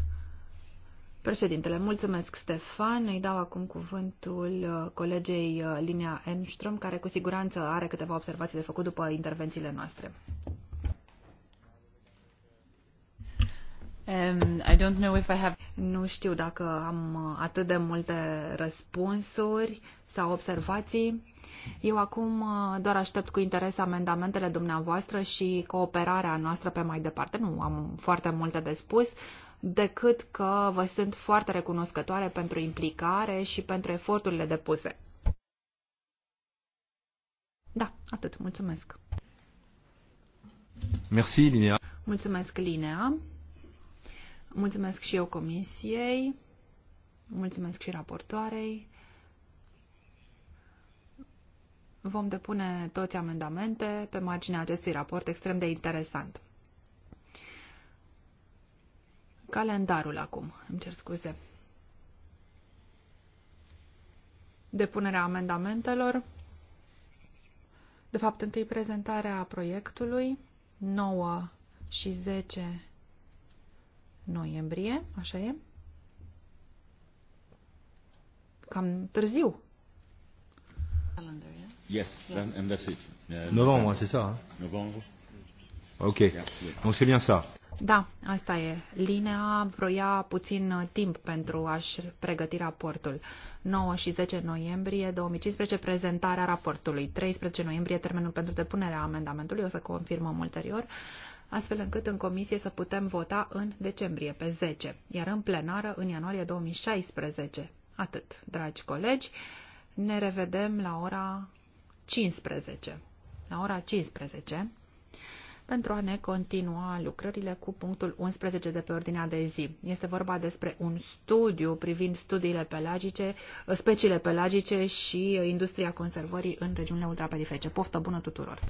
Președintele, mulțumesc, Stefan. Îi dau acum cuvântul uh, colegei uh, Linia Enström, care cu siguranță are câteva observații de făcut după intervențiile noastre. Um, I don't know if I have... Nu știu dacă am uh, atât de multe răspunsuri sau observații. Eu acum doar aștept cu interes amendamentele dumneavoastră și cooperarea noastră pe mai departe. Nu am foarte multe de spus decât că vă sunt foarte recunoscătoare pentru implicare și pentru eforturile depuse. Da, atât. Mulțumesc. Merci, Linea. Mulțumesc, Linea. Mulțumesc și eu comisiei. Mulțumesc și raportoarei. Vom depune toți amendamente pe marginea acestui raport extrem de interesant. Calendarul acum, îmi cer scuze. Depunerea amendamentelor. De fapt, întâi prezentarea proiectului, 9 și 10 noiembrie, așa e. Cam târziu. Yes, and that's it. Uh, Novembre, c'est ça. Novembre. Ok. Donc c'est bien ça. Da, asta e. Linea vroia puțin uh, timp pentru a-și pregăti raportul. 9 și 10 noiembrie 2015 prezentarea raportului. 13 noiembrie termenul pentru depunerea amendamentului, o să confirmăm ulterior, astfel încât în comisie să putem vota în decembrie, pe 10, iar în plenară în ianuarie 2016. Atât, dragi colegi, ne revedem la ora 15. La ora 15 pentru a ne continua lucrările cu punctul 11 de pe ordinea de zi. Este vorba despre un studiu privind studiile pelagice, speciile pelagice și industria conservării în regiunile ultraperiferice. Poftă bună tuturor!